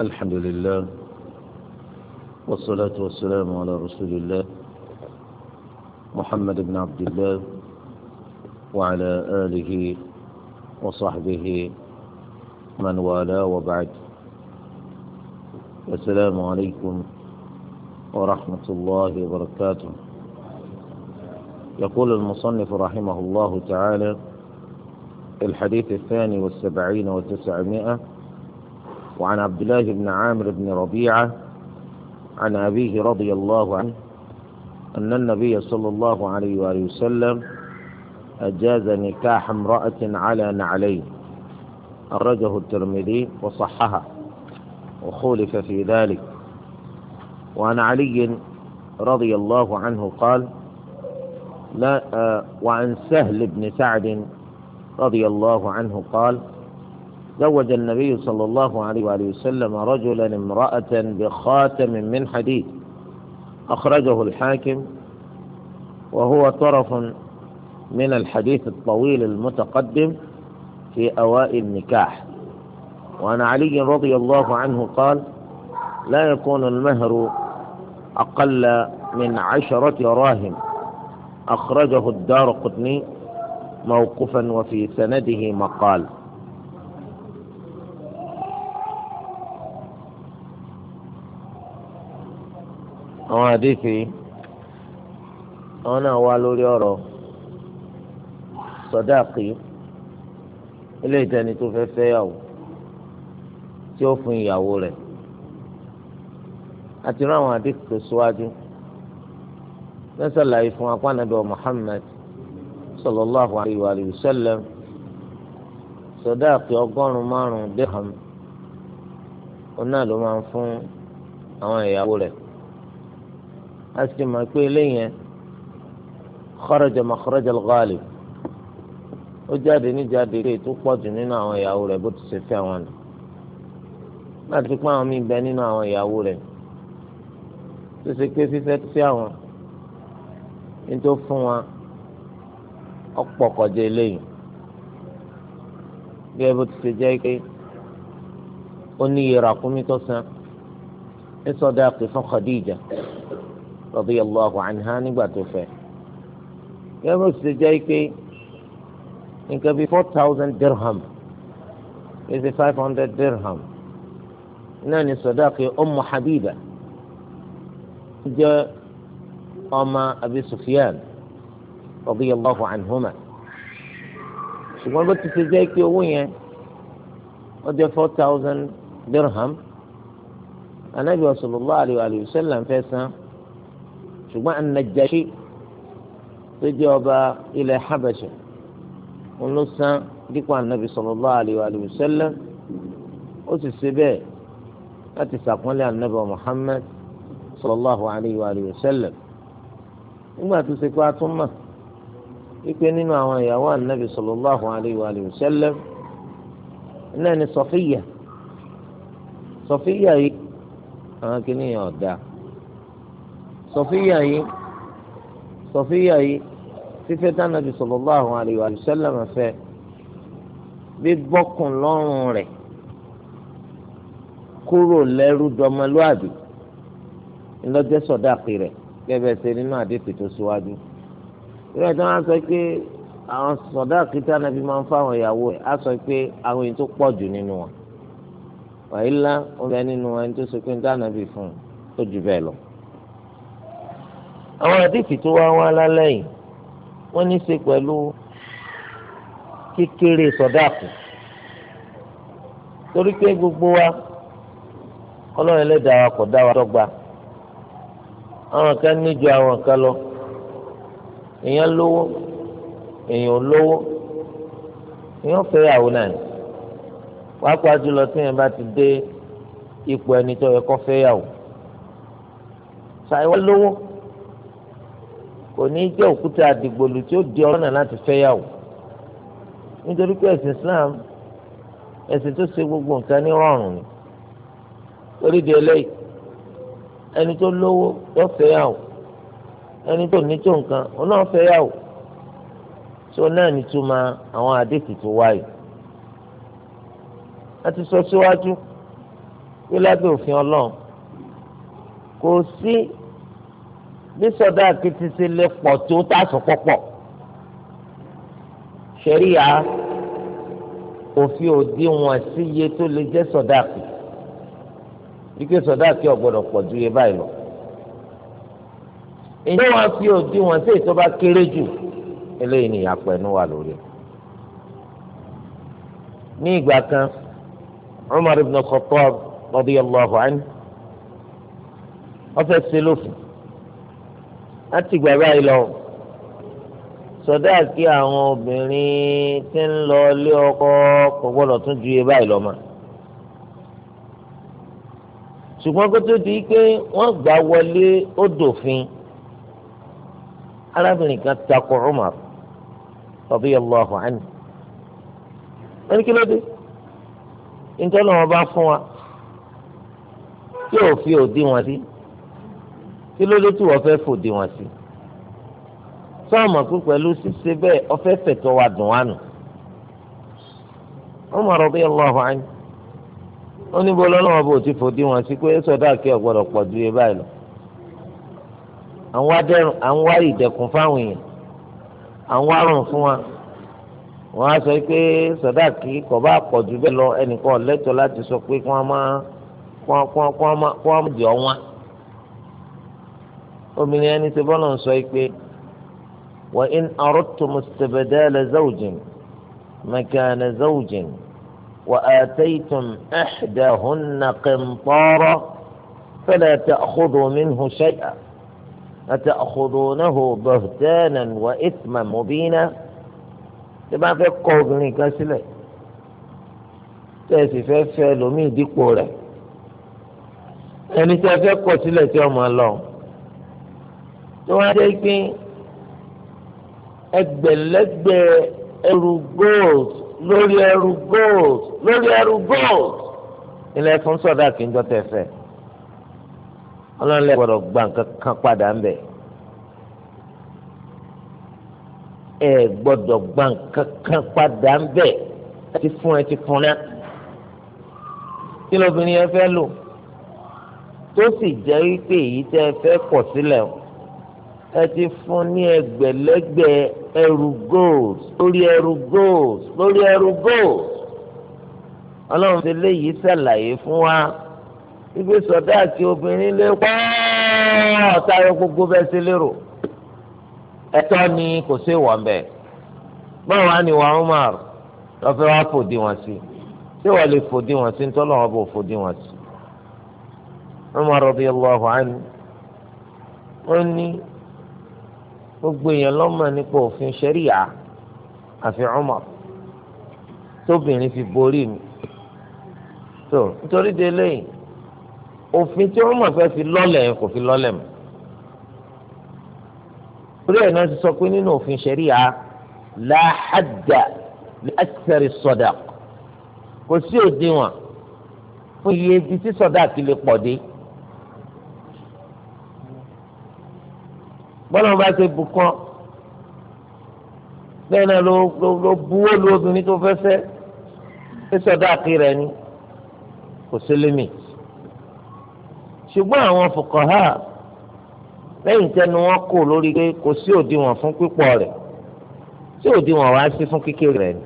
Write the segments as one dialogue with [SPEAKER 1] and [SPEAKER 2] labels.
[SPEAKER 1] الحمد لله والصلاة والسلام على رسول الله محمد بن عبد الله وعلى آله وصحبه من والاه وبعد السلام عليكم ورحمة الله وبركاته يقول المصنف رحمه الله تعالى الحديث الثاني والسبعين وتسعمائة وعن عبد الله بن عامر بن ربيعة عن أبيه رضي الله عنه أن النبي صلى الله عليه وآله وسلم أجاز نكاح امرأة على نعلين أخرجه الترمذي وصحها وخولف في ذلك وعن علي رضي الله عنه قال لا آه، وعن سهل بن سعد رضي الله عنه قال زوج النبي صلى الله عليه وآله وسلم رجلا امرأة بخاتم من حديد أخرجه الحاكم وهو طرف من الحديث الطويل المتقدم في أوائل النكاح وعن علي رضي الله عنه قال لا يكون المهر أقل من عشرة راهم أخرجه الدار قطني موقفا وفي سنده مقال àwọn àdìsí àwọn náà wá lórí ọ̀rọ̀ sọdáàkì ilé ìtẹni tó fẹ́ fẹ́yàwó tí ó fún ìyàwó rẹ̀ àti rán àwọn àdìsí tó síwájú lẹ́sàlàyé fún akwánàbẹ̀ Muhammad sallallahu alayhi wa sallam sọdáàkì ọgọ́rùn márùn-ún dirham òun ló máa ń fún àwọn ìyàwó rẹ̀. a sì mọ̀ pé eléyẹn kharaja makhraja al-ghalib ó jáde níjáde pé tó pọ̀ jù nínú àwọn ìyàwó rẹ̀ bó ti ṣe fẹ́ wọn nù láti pọ́n àwọn míì bẹ nínú àwọn ìyàwó rẹ̀ tó ṣe pé fífẹ́ sí àwọn nítorí fún wọn ọ̀pọ̀ kọjá eléyìí gẹ́gẹ́ bó ti ṣe jẹ́ pé ó ní iye ràkúnmí tó san ní sọ́dọ̀ àpè fún Khadija. رضي الله عنها نباتوفا يبقى السجايك إنك بي 4000 درهم إذا 500 درهم ناني صداقي أم حبيبة جاء أما أبي سفيان رضي الله عنهما سيقول بات السجايك وين 4000 درهم النبي صلى الله عليه وسلم فيسنا ṣùgbọ́n anajashi tó jẹ́ ọba ilẹ̀ habasha òun ló san dípò anabi sallallahu alaihi wa sallam ó sì ṣe bẹ́ẹ̀ láti ṣàpọ́nlé anabi muhammad sallallahu alaihi wa sallam nígbà tó ṣe pé a tún mọ̀ wípé nínú àwọn ìyàwó anabi sallallahu alaihi wa náà ni sọfíyà sọfíyà yìí àwọn kìnìyàn ọ̀dà sọfíyà yìí sọfíyà yìí fífẹ́ tánàbí sallallahu alaihi wa sallam fẹ́ bí bọ́kùn lọ́rùn rẹ̀ kúrò lẹ́rú dọmọlúàbí ńlọ́jẹ́ sọ̀dáàkì rẹ̀ gẹ́gẹ́ ṣe nínú àdéhùn tó síwájú. ìrẹ́ tí wọ́n á sọ pé àwọn sọ̀dáàkì tánàbí máa ń fáwọn ìyàwó ẹ̀ á sọ pé àwọn èyí tó pọ̀ jù nínú wọn. wàyí ńlá nínú ẹni tó sọ pé tánàbí fún un tó jù bẹ́ẹ̀ lọ àwọn àdìsí tó wá wá lálẹ́ yìí wọ́n ní í ṣe pẹ̀lú kékeré sọ̀dáàkù torí pé gbogbo wa ọlọ́run ẹlẹ́dàá wa kò dá wa dọ́gba àwọn kan ní àwọn kan lọ èèyàn lówó èèyàn lówó èèyàn fẹ́ ìyàwó náà ni pàápàá jùlọ tí èèyàn bá ti dé ipò ẹni tó yẹ kó fẹ́ ìyàwó ṣàìwá lówó kò ní jẹ́ òkúta àdìgbòlù tí ó di ọ̀nà láti fẹ́yàwó nítorí pé ẹ̀sìn Islam ẹ̀sìn tó ṣe gbogbo nǹkan ní rọrùn ni torí di eléyìí ẹni tó lówó yóò fẹ́yàwó ẹni tó ní tó nǹkan òun náà fẹ́yàwó tó náà ní túmọ̀ àwọn àdéhùn tó wáyé a ti sọ síwájú pé lábẹ́ òfin Ọlọ́run kò sí bí sọdá kìtì sí lè pọ̀ tó tá a sọ pọ̀pọ̀ ṣẹ̀ríya òfin òdiwọ̀n sí iye tó lè jẹ́ sọdá kì ike sọdá kì ọ̀gbọ́dọ̀ pọ̀ ju iye báyìí lọ ìyẹn wọn fi òdiwọ̀n sí ètò bá kéré jù eléyìí ni ìyàpọ̀ ẹnu wà lórí ẹ̀ ní ìgbà kan Umar ibn Khattab radiyallahu anhu wọ́n fẹ́ ṣe lófin láti gbà báyìí lọ sọdáàkì àwọn obìnrin tí ń lọ ilé ọkọ kò gbọdọ̀ tún ju iye báyìí lọ mọ́ ṣùgbọ́n kó tó di pé wọ́n gbà wọlé ó dòfin arábìnrin kan takò Umar radiyallahu anhu wọ́n ní kí ló dé nítorí wọn bá fún wa tí fi òdi wọn sí. Si kí ló dé tí wọ́n fẹ́ fòde wọn sí sọ́ọ̀mọ̀ pé pẹ̀lú ṣíṣe bẹ́ẹ̀ ọfẹ́ fẹ̀tọ́ wa dùn wá nù Umar radiyallahu anhu ó ní bọ́lá náà bò ti fòde wọn sí pé sọ́dá kí ọ̀gbọ́dọ̀ pọ̀ ju iye báyìí lọ àwọn wá ìdẹ̀kùn fáwọn èèyàn àwọn arùn fún wa wọ́n á sọ pé sọ́dá kí kò bá pọ̀ ju bẹ́ẹ̀ lọ ẹnìkan lẹ́tọ̀ọ́ láti sọ pé kí wọ́n máa kí wọ́n máa kí wọ́n máa jọ wọn. obìnrin ẹni tí bọ́lá ń sọ yìí pé wa in aradtum istabdala zawjin makana zawjin wa hun ataytum ihdahunna qintara fala ta'khudhu minhu shay'a ata'khudhunahu buhtanan wa ithman mubina tí bá fẹ́ kọ obìnrin kan sílẹ̀ tẹ̀sí fẹ́ fẹ́ lómi ìdípò rẹ̀ ẹni tí a fẹ́ kọ sílẹ̀ tí ọmọ lọ́wọ́ tó wá dé pé ẹgbẹ̀lẹ́gbẹ̀ ẹrù gold lórí ẹrù gold lórí ẹrù gold ilẹ̀ fún sọ̀dá kì í jọ tẹ̀fẹ̀ ọlọ́run lè gbọ́dọ̀ gba nǹkan kan padà ń bẹ̀ ẹ gbọ́dọ̀ gba nǹkan kan padà ń bẹ̀ ti fún ẹ ti fún ẹ kí lóbìnrin yẹn fẹ́ lò tó sì jẹ́ wípé èyí tẹ́ ẹ fẹ́ pọ̀ sílẹ̀ o ẹ ti fún ní ẹgbẹ̀lẹ́gbẹ̀ ẹrù gold lórí ẹrù gold lórí ẹrù gold ọlọ́run ti léyìí ṣàlàyé fún wa ibi sọ̀dá àti obìnrin lè pọ́ ọ̀tayọ gbogbo bẹ́ẹ̀ sí lérò ẹ̀tọ́ ni kò sí ìwọ̀n bẹ́ẹ̀ báwo á ní wa Umar lọ́fẹ́ wa fòdì wọn sí ṣé wàá lè fòdì wọn sí nítorí wọn bò fòdì wọn sí Umar radiyallahu anhu ó ní gbogbo èèyàn lọ́mọ nípa òfin ṣẹ́ríà àfi Umar tóbìnrin fi borí mi tó nítorí délé òfin tí Umar fẹ́ fi lọ́lẹ̀ kò fi lọ́lẹ̀ mọ́ orí ẹ̀ náà ti sọ pé nínú òfin ṣẹ̀ríà la hadda li akthari sadaq kò sí òdiwọ̀n fún iye ibi tí sọ̀dá kì lè pọ̀ dé. bọ́lá wọn bá ṣe bùkún bẹ́ẹ̀ náà ló ló buwó lu obìnrin tó fẹ́ fẹ́ sísọ dáàkì rẹ̀ ni kò sí límì ṣùgbọ́n àwọn fòkànhá lẹ́yìn tẹnu wọn kò lórí pé kò sí òdiwọ̀n fún pípọ̀ rẹ̀ tí òdiwọ̀n wá sí fún kékeré rẹ̀ ni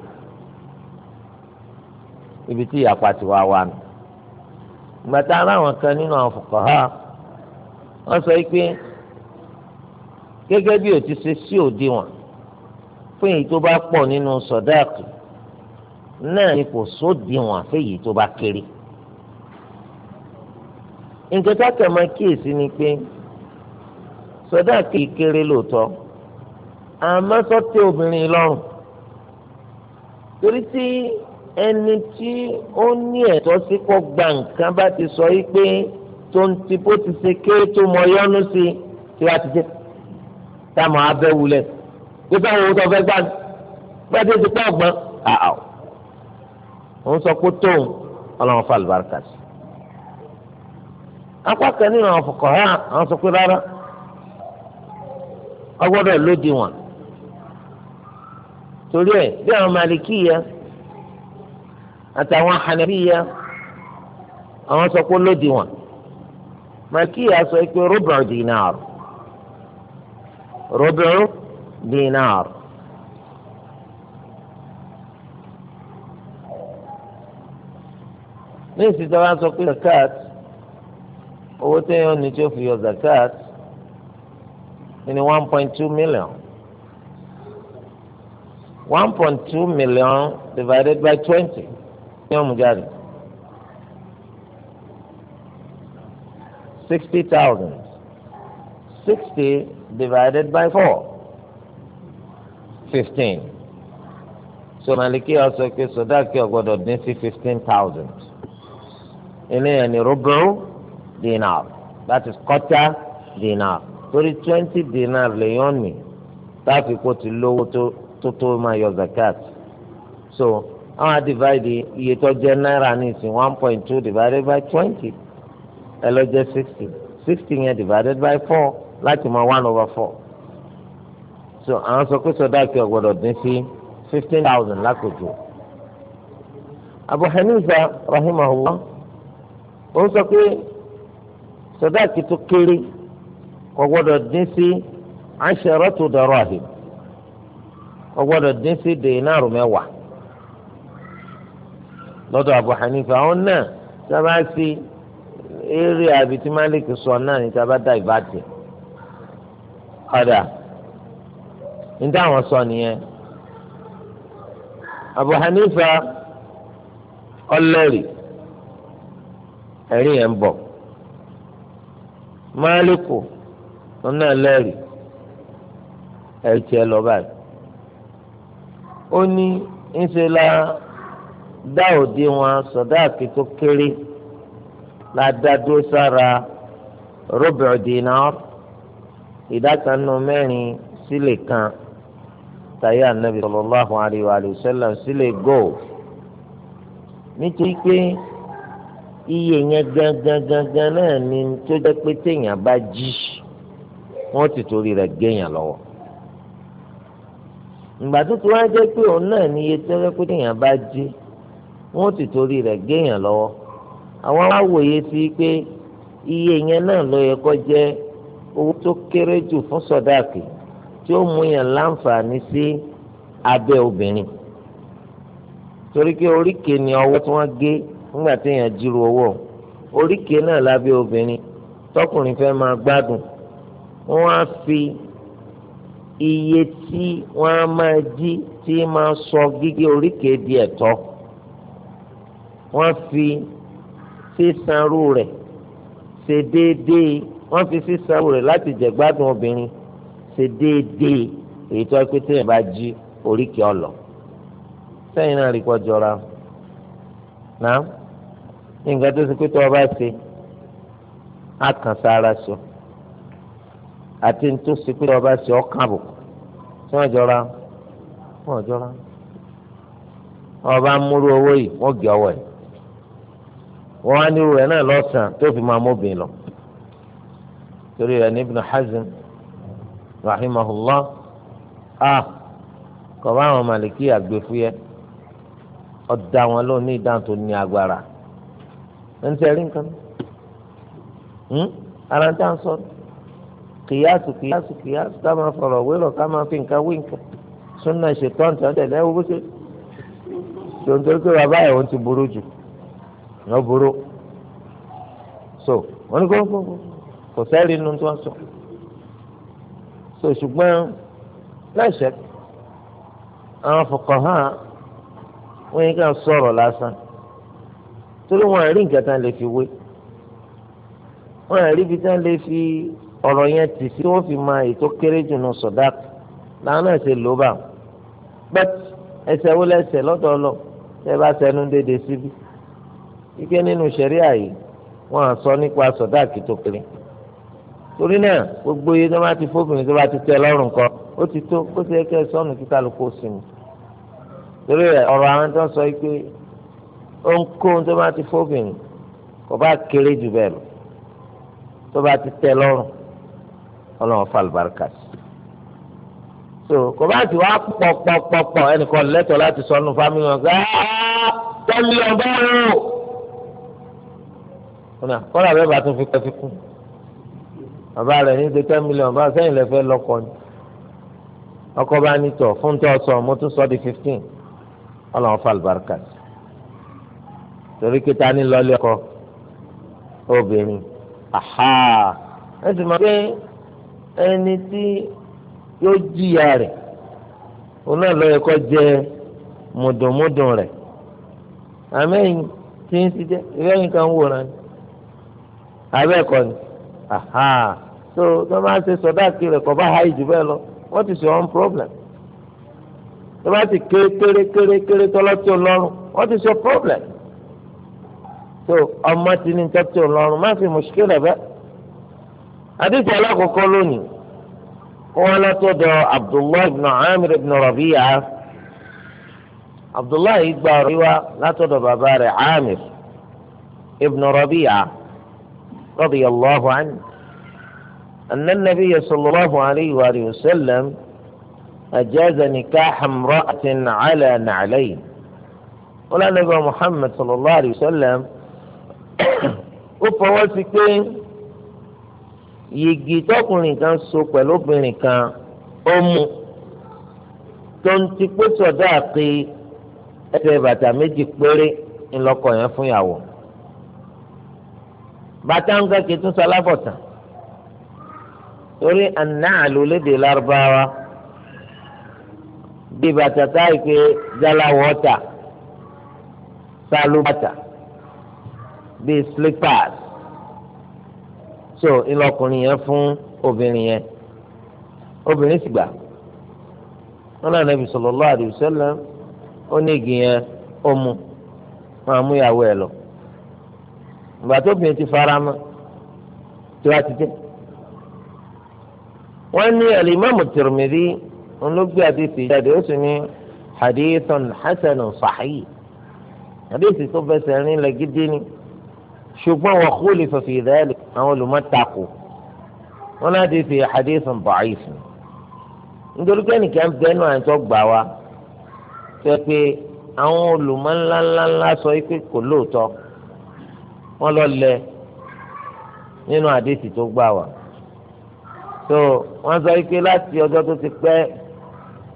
[SPEAKER 1] ibi tí ìyapa ti wá wà nù gbàtà aláwọn kan nínú àwọn fòkànhá wọ́n sọ pé gẹ́gẹ́ bí o ti ṣe sí òdiwọ̀n fún èyí tó bá pọ̀ nínú sọ̀dáàkì náà ni kò sódiwọ̀n fún èyí tó bá kéré nǹkan tá a kàn máa kíyèsí ni pé sọ̀dáàkì kéré lóòótọ́ àmọ́ sọ́tẹ́ obìnrin lọ́rùn torí tí ẹni tí ó ní ẹ̀tọ́ sí kó gba nǹkan bá ti sọ yí pé tó ń ti bó ti ṣe kéré tó mọ yọ́nú sí i tí wàá ti jẹ́ táàmù abẹ́wulẹ̀ gbogbo àwọn ohun tó fẹ́ gbà gbàdé ti pọ̀ gbọ́n àwọ̀ òun sọ pé tóun ọlọ́run fà lùbáríkà sí. apá kan nínú àwọn fọkàn hàn àwọn sọ pé rárá ọgbọ́dọ̀ lódì wọn torí ẹ bí àwọn malikiya àtàwọn hanabiya àwọn sọ pé lódì wọn malikiya sọ pé rúbọ̀ dínàrù. ربع دينار ní ìsìtò wa sọ pé zakat owó téèyàn ní tí ó fi yọ zakat ní one point two million one point two million divided by twenty ní ọmọdéjáde sixty thousand sixty divided by four fifteen so maliki ọsọ pé sọdáàkì ọgbọ́dọ̀ dín sí fifteen thousand eléyàn ní rúbùrú dinar that is quarter dinar torí twenty dinar lèyàn ní táàfin kò ti lówó tó tó máa yọ zakat so àwọn àdìváìdì iye tó jẹ náírà nísìnyí one point two divided by twenty ẹ lọ jẹ sixty sixty yẹn divided by four. láti mọ one over four so àwọn sọ pé sọdáàkì dín sí fifteen thousand lákòjò Abu Hanifa ó sọ pé sọdáàkì tó kéré dín sí asharatu darahim kò gbọ́dọ̀ dín sí lọ́dọ̀ Abu Hanifa àwọn náà sábà sí eré Malik sọ náà ọ̀dà níta àwọn sọ nìyẹn Abu Hanifa ọlẹ́rì ẹ̀rí yẹn ń bọ̀ ọ̀nà ẹlẹ́rì ẹ̀rí tiẹ̀ lọ ó ní ńṣe la dá òde wọn sọdáàkì tó kéré la dá dúró sára ìdákanu mẹ́rin sílè kan tayé anabi sallallahu alayhi wa sallam sílè nítorí pé iye yẹn gangan gangan náà ni tó jẹ́ pé téèyàn bá jí wọ́n ti torí rẹ̀ géèyàn lọ́wọ́ ìgbà tó ti wá jẹ́ pé òun náà ni iye tó jẹ́ pé téèyàn bá jí wọ́n ti torí rẹ̀ géèyàn lọ́wọ́ àwọn wá sí pé iye yẹn náà ló jẹ́ owó tó kéré jù fún sọdáàkì tí ó mú yàn láǹfààní sí abẹ́ obìnrin torí pé oríkèé ni ọwọ́ tí wọ́n gé nígbà tí èèyàn jírò owó oríkèé náà lábẹ́ tọkùnrin fẹ́ máa gbádùn wọ́n á fi iye tí wọ́n á máa jí tí máa sọ gígé oríkèé di ẹ̀tọ́ wọ́n fi sísanrú rẹ̀ ṣe déédéé wọ́n fi sísanwó rẹ̀ láti jẹ̀gbádùn obìnrin ṣe déédéé èyí tó pé téèyàn bá jí oríkèé ọ̀lọ́ sẹ́yìn náà rí kọjọra náà nǹkan tó ṣe pé tó o bá ṣe á kàn sára sọ àti tó ṣe pé tó o bá ṣe ọ́ kàn tí wọ́n jọra wọ́n jọra ọba múru owó yìí wọ́n gé ọwọ́ yìí wọ́n á nírú rẹ̀ náà lọ́sàn-án tó fi máa móbìn lọ torí rẹ̀ ní Ibn Hazm rahimahullah a kọ̀ọ̀bá àwọn màlìkí àgbẹ̀fúyẹ́ ọ̀dà wọn ló ní ìdáhùn tó ní agbára ń tẹ̀rí nǹkan hmm? ara ń tà ń sọ kìyàsù kìyàsù kìyàsù ká máa fọ̀rọ̀ wérọ̀ ká máa fi nǹkan wí nǹkan súnà ṣètọ́n tí wọ́n tẹ̀lé ẹ̀wọ́ bó tòǹtò pé bàbá ẹ̀ wọ́n ti burú jù wọ́n burú so wọ́n ní kó ń fọ́ kò sẹ́rí inú tí wọ́n sọ so ṣùgbọ́n lẹ́sẹ̀ àwọn fọkàn hàn wọ́n yín kàn sọ̀rọ̀ lásán torí wọn rí nǹkan tán lè fi wé wọn rí ibi tán lè fi ọ̀rọ̀ yẹn tì sí wọ́n fi máa ètò kéré jù nù sọ̀dák làwọn náà ṣe lò bá bẹ́ẹ̀ ẹsẹ̀ wọlé ẹsẹ̀ lọ́dọ̀ ọlọ́ tẹ́ bá sẹ́nu déédéé síbi ike nínú ṣẹ̀ríà yìí wọ́n á sọ nípa sọ̀dák tó kéré torí náà gbogbo iye tó bá ti fóbìnrin tó bá ti tẹ lọ́rùn kan ó ti tó kó ti yẹ kí ẹ sọnù kíkà ló kó sí mi torí rẹ ọ̀rọ̀ àwọn tó ń sọ pé ohunkóhun tó bá ti fóbìnrin kò bá kéré jù bẹ́ẹ̀ lọ tó bá ti tẹ lọ́rùn ọlọ́run fa àlùbáríkà sí so kò bá ti wá pọ̀pọ̀pọ̀pọ̀ ẹnìkan lẹ́tọ̀ọ́ láti sọnù fámìlì wọn gbá
[SPEAKER 2] tẹ́lẹ̀ ọ̀bẹ́rù
[SPEAKER 1] kọ́nà bẹ́ẹ̀ bá tún fi kẹ́ fi kún bàbá rẹ̀ ní ti ten million bá sẹ́yìn lẹ́fẹ́ lọ́kọ ni ọkọ bá ní tọ̀ fún tó sọ mo tún sọ di fifteen ọlọ́run fa àlùbáríkà torí kí ta ní lọ́lé ọkọ obìnrin aha ẹ sì máa gbé ẹni tí yóò jìyà rẹ̀ òun náà lọ́yẹ kọ́ jẹ mùdùnmùdùn rẹ̀ àmẹ́yìn tí ń ti jẹ́ ìrẹ́yìn kan wò náà abẹ́ ni so tó máa ṣe sọdáàkì rẹ̀ kọ́ bá ha ìjù bẹ́ẹ̀ lọ what is your own problem tó bá ti ké kéré kéré kéré tọ́lọ́ tí ò lọ́rùn what is your problem so ọmọ ti ní tọ́ tí ò lọ́rùn má fi mùsùlùmí rẹ̀ bẹ́ẹ̀ àdìsí alákọ̀ọ́kọ́ lónìí wọn látọ̀dọ̀ abdullahi ibn amir ibn rabi'a abdullahi gba ọ̀rọ̀ yìí wá látọ̀dọ̀ bàbá rẹ̀ amir ibn rabi'a. رضي الله عنه أن النبي صلى الله عليه وآله وسلم أجاز نكاح امرأة على نعلين ولا النبي محمد صلى الله عليه وسلم وفواسك yìgì tọkùnrin kan سوق pẹ̀lú obìnrin أم ó mú tó ń ti إن sọ̀dá àti ẹsẹ̀ bàtà ń gẹ́kẹ́ tún sọ alábọ̀tà torí anáàlú lédè lárúbáwá bí bàtà táyì pé jálawọ́tà sálúbàtà bí slippers so ìlọkùnrin yẹn fún obìnrin yẹn obìnrin sì gbà wọn náà Nabi sallallahu alaihi wasallam ó ní igi yẹn ó mu wọn àmúyàwó ẹ lọ ìgbà tó bìnrin ti fara mọ́ tí wàá ti dé. wọ́n ní alimami Tirmidhi olóògbé àdìsí jáde ó sì ní hadithun hasanun sahih àdìsí tó fẹsẹ̀ rìn lẹ́gídé ni ṣùgbọ́n wa khulifa fi dhalik àwọn olùmọ̀tàkù wọn láti fi hadithun da'if nítorí pé nìkan bẹ́ẹ̀nu àìsàn gbà wá sọ pé àwọn olùmọ̀ ńláńláńlá sọ pé kò lóòótọ́. wọn lọ lẹ nínú àdéhìí tó gbà wá so wọn sọ pé láti ọjọ tó ti pẹ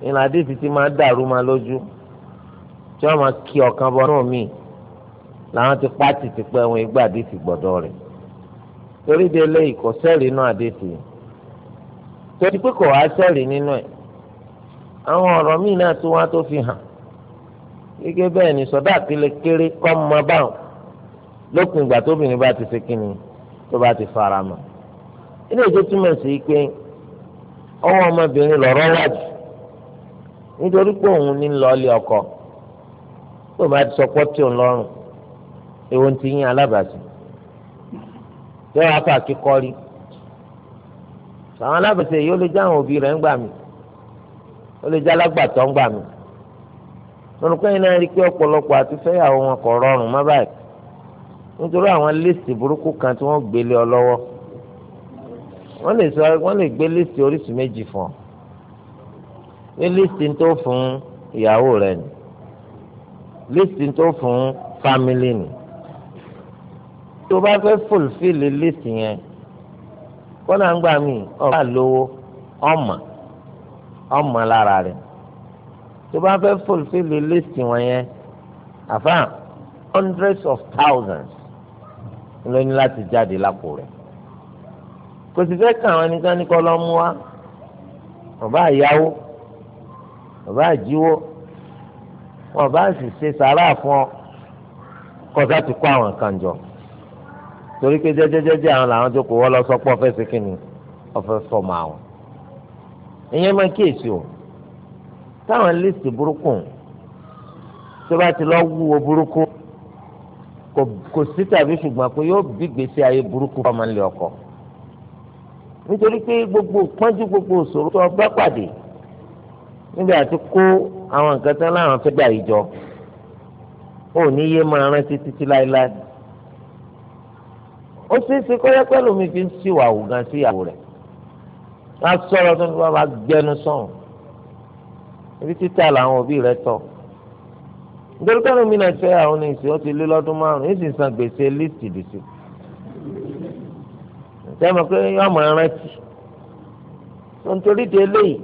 [SPEAKER 1] ìlànà àdéhìí ti máa dàrú máa lójú tí wọ́n máa kí ọ̀kan bọ náà ti pàtì ti pẹ wọn ìgbà àdéhìí gbọdọ rẹ torí de lé ìkọ̀ sẹ́ẹ̀lì náà àdéhìí torí pé kò wá sẹ́ẹ̀lì nínú ẹ̀ àwọn ọ̀rọ̀ míì náà tó wá fi hàn gẹ́gẹ́ bẹ́ẹ̀ ni kọ́ mọ báwọn lókun ìgbà tóbìnrin bá ti ṣe kínni tó bá ti fara mọ́ ilé ìjọ túmọ̀ sí pé ọwọ́ ọmọbìnrin lọ́rọ́ wà jù nítorí pé òun ní lọ́ọ́lì ọkọ tó bá ti sọ pọ́tì òun lọ́rùn èwo ti yín alábàásí yóò wá fà kíkọ́ rí àwọn alábàásí yìí ó lè jẹ́ àwọn òbí rẹ̀ ń gbà mí ó lè jẹ́ alágbàtọ́ ń gbà mí lórúkọ yìí náà rí i pé ọ̀pọ̀lọpọ̀ àti fẹ́yàwó wọn kò rọrùn má báyìí nítorí àwọn lísì burúkú kan tí wọ́n gbélé ọ lọ́wọ́ wọ́n lè sọ wọ́n lè gbé lísì oríṣi méjì fún ọ ní lísì tó fún ìyàwó rẹ ni lísì tó fún fámìlì ni tó bá fẹ́ fòlfìlì lísì yẹn kọ́nà ń gbà mí ọba lówó ọmọ ọmọ lára rẹ tó bá fẹ́ fòlfìlì lísì wọn yẹn àfáà hundreds of thousands ló ní láti jáde lápò rẹ̀ kò sì fẹ́ kàn àwọn ẹnìkan ní kọ́ lọ́ mú wa ọba àyáwó ọba àjíwó wọn bá sì ṣe sàrà fún ọ kọjá ti kó àwọn kan jọ torí pé jẹjẹjẹjẹ àwọn làwọn tó kó wọ́n lọ sọ́pọ̀ ọ̀fẹ́ sí kínní ọ̀fẹ́ fọmọ àwọn ìyẹn máa kíyèsí o táwọn lísì burúkú tó bá ti lọ wúwo burúkú kò sí tàbí ṣùgbọ́n pé yóò bí gbèsè ayé burúkú fọmọ nílé ọkọ nítorí pé gbogbo pọ́njú gbogbo òṣòro tó ọgbà pàdé níbi àti kó àwọn nǹkan tán láwọn fẹ́ gbà ìjọ ò ní yé máa rántí títí láéláé ó ṣeé ṣe kọ́ yẹ́pẹ́ lómi fi ń ṣìwà ògán sí ìyàwó rẹ̀ wọ́n á sọ̀rọ̀ tó ń bá gbẹnu sọ̀rọ̀ ibi títà làwọn òbí rẹ̀ tọ̀. nítorí káwọn mi náà ṣe àwọn ní ìsìn ó lé lọ́dún márùn-ún èsì san gbèsè líìsì dìsì sẹ́mi pé ọmọ rántí nítorí de eléyìí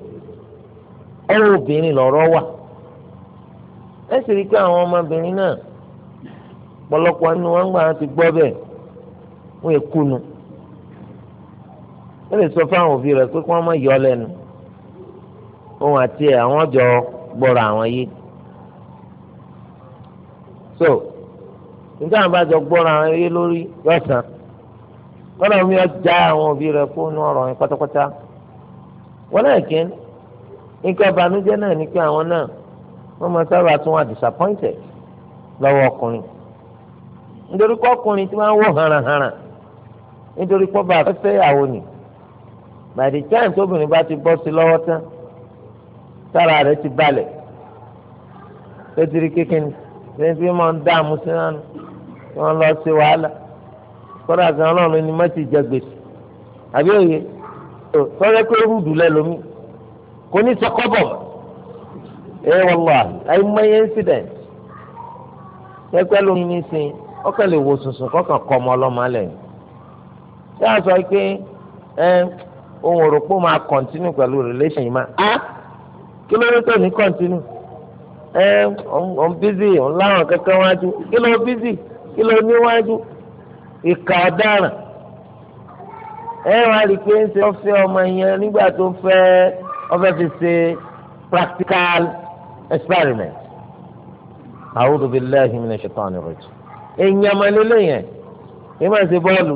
[SPEAKER 1] ọ̀rọ̀ obìnrin lọ̀rọ̀ wà ẹ sì rí i pé àwọn ọmọbìnrin náà pọlọpọ nínú ti gbọ́ bẹ́ẹ̀ wọn èkúnu ó lè sọ fáwọn òbí pé kí wọ́n yọ lẹ́nu so nígbà wọn bá jọ gbọ́ra àwọn eré lórí lọ́sàn-án wọn náà mi ọjà àwọn òbí rẹ fóònù ọ̀rọ̀ yẹn pátápátá wọn náà kí nǹkan ìbànújẹ́ náà ní pé àwọn náà wọn máa sábà tún wà disappointed lọ́wọ́ ọkùnrin nítorí pé ọkùnrin tí wọ́n wò haranharan nítorí pé ọba afẹ́fẹ́ ìyàwó ni by the time tóbìnrin bá ti bọ́ sí lọ́wọ́ tán tára rẹ̀ ti balẹ̀ lótìrí kékeré fífi máa ń dá àmúsí náà nù kí wọ́n lọ sí wàhálà kọ́dà kan ọlọ́run ni mọ́tì jẹ gbèsè àbí òye tọ́lẹ́ pé rúdù lẹ lómi kò ní sọkọ́bọ̀ ẹ wọlọ àyè mọ́yé incident pẹ́pẹ́ lómi ní sìn ọkàn lè wo sùnsùn kọ́kàn kọ́ ọmọ ọlọ́mọ alẹ́ ṣé a sọ pé ẹ ohun òròpó máa kọ̀ntínú pẹ̀lú relation yìí máa á kí ló ń tẹ̀ ní kọ̀ntínú. ẹ ọ̀n bízì ọ̀n láwọn kankan wájú kí ló bízì kí ló níwájú ìkà ọ̀daràn ẹ wá rí i pé ń ṣe ọ̀fẹ́ ọmọ yẹn nígbà tó fẹ́ ọfẹ́ fi ṣe practical experiment a'udhu billahi minash shaitanir rajim èèyàn mọ̀lélẹ́ yẹn ìmọ̀ ṣe bọ́ọ̀lù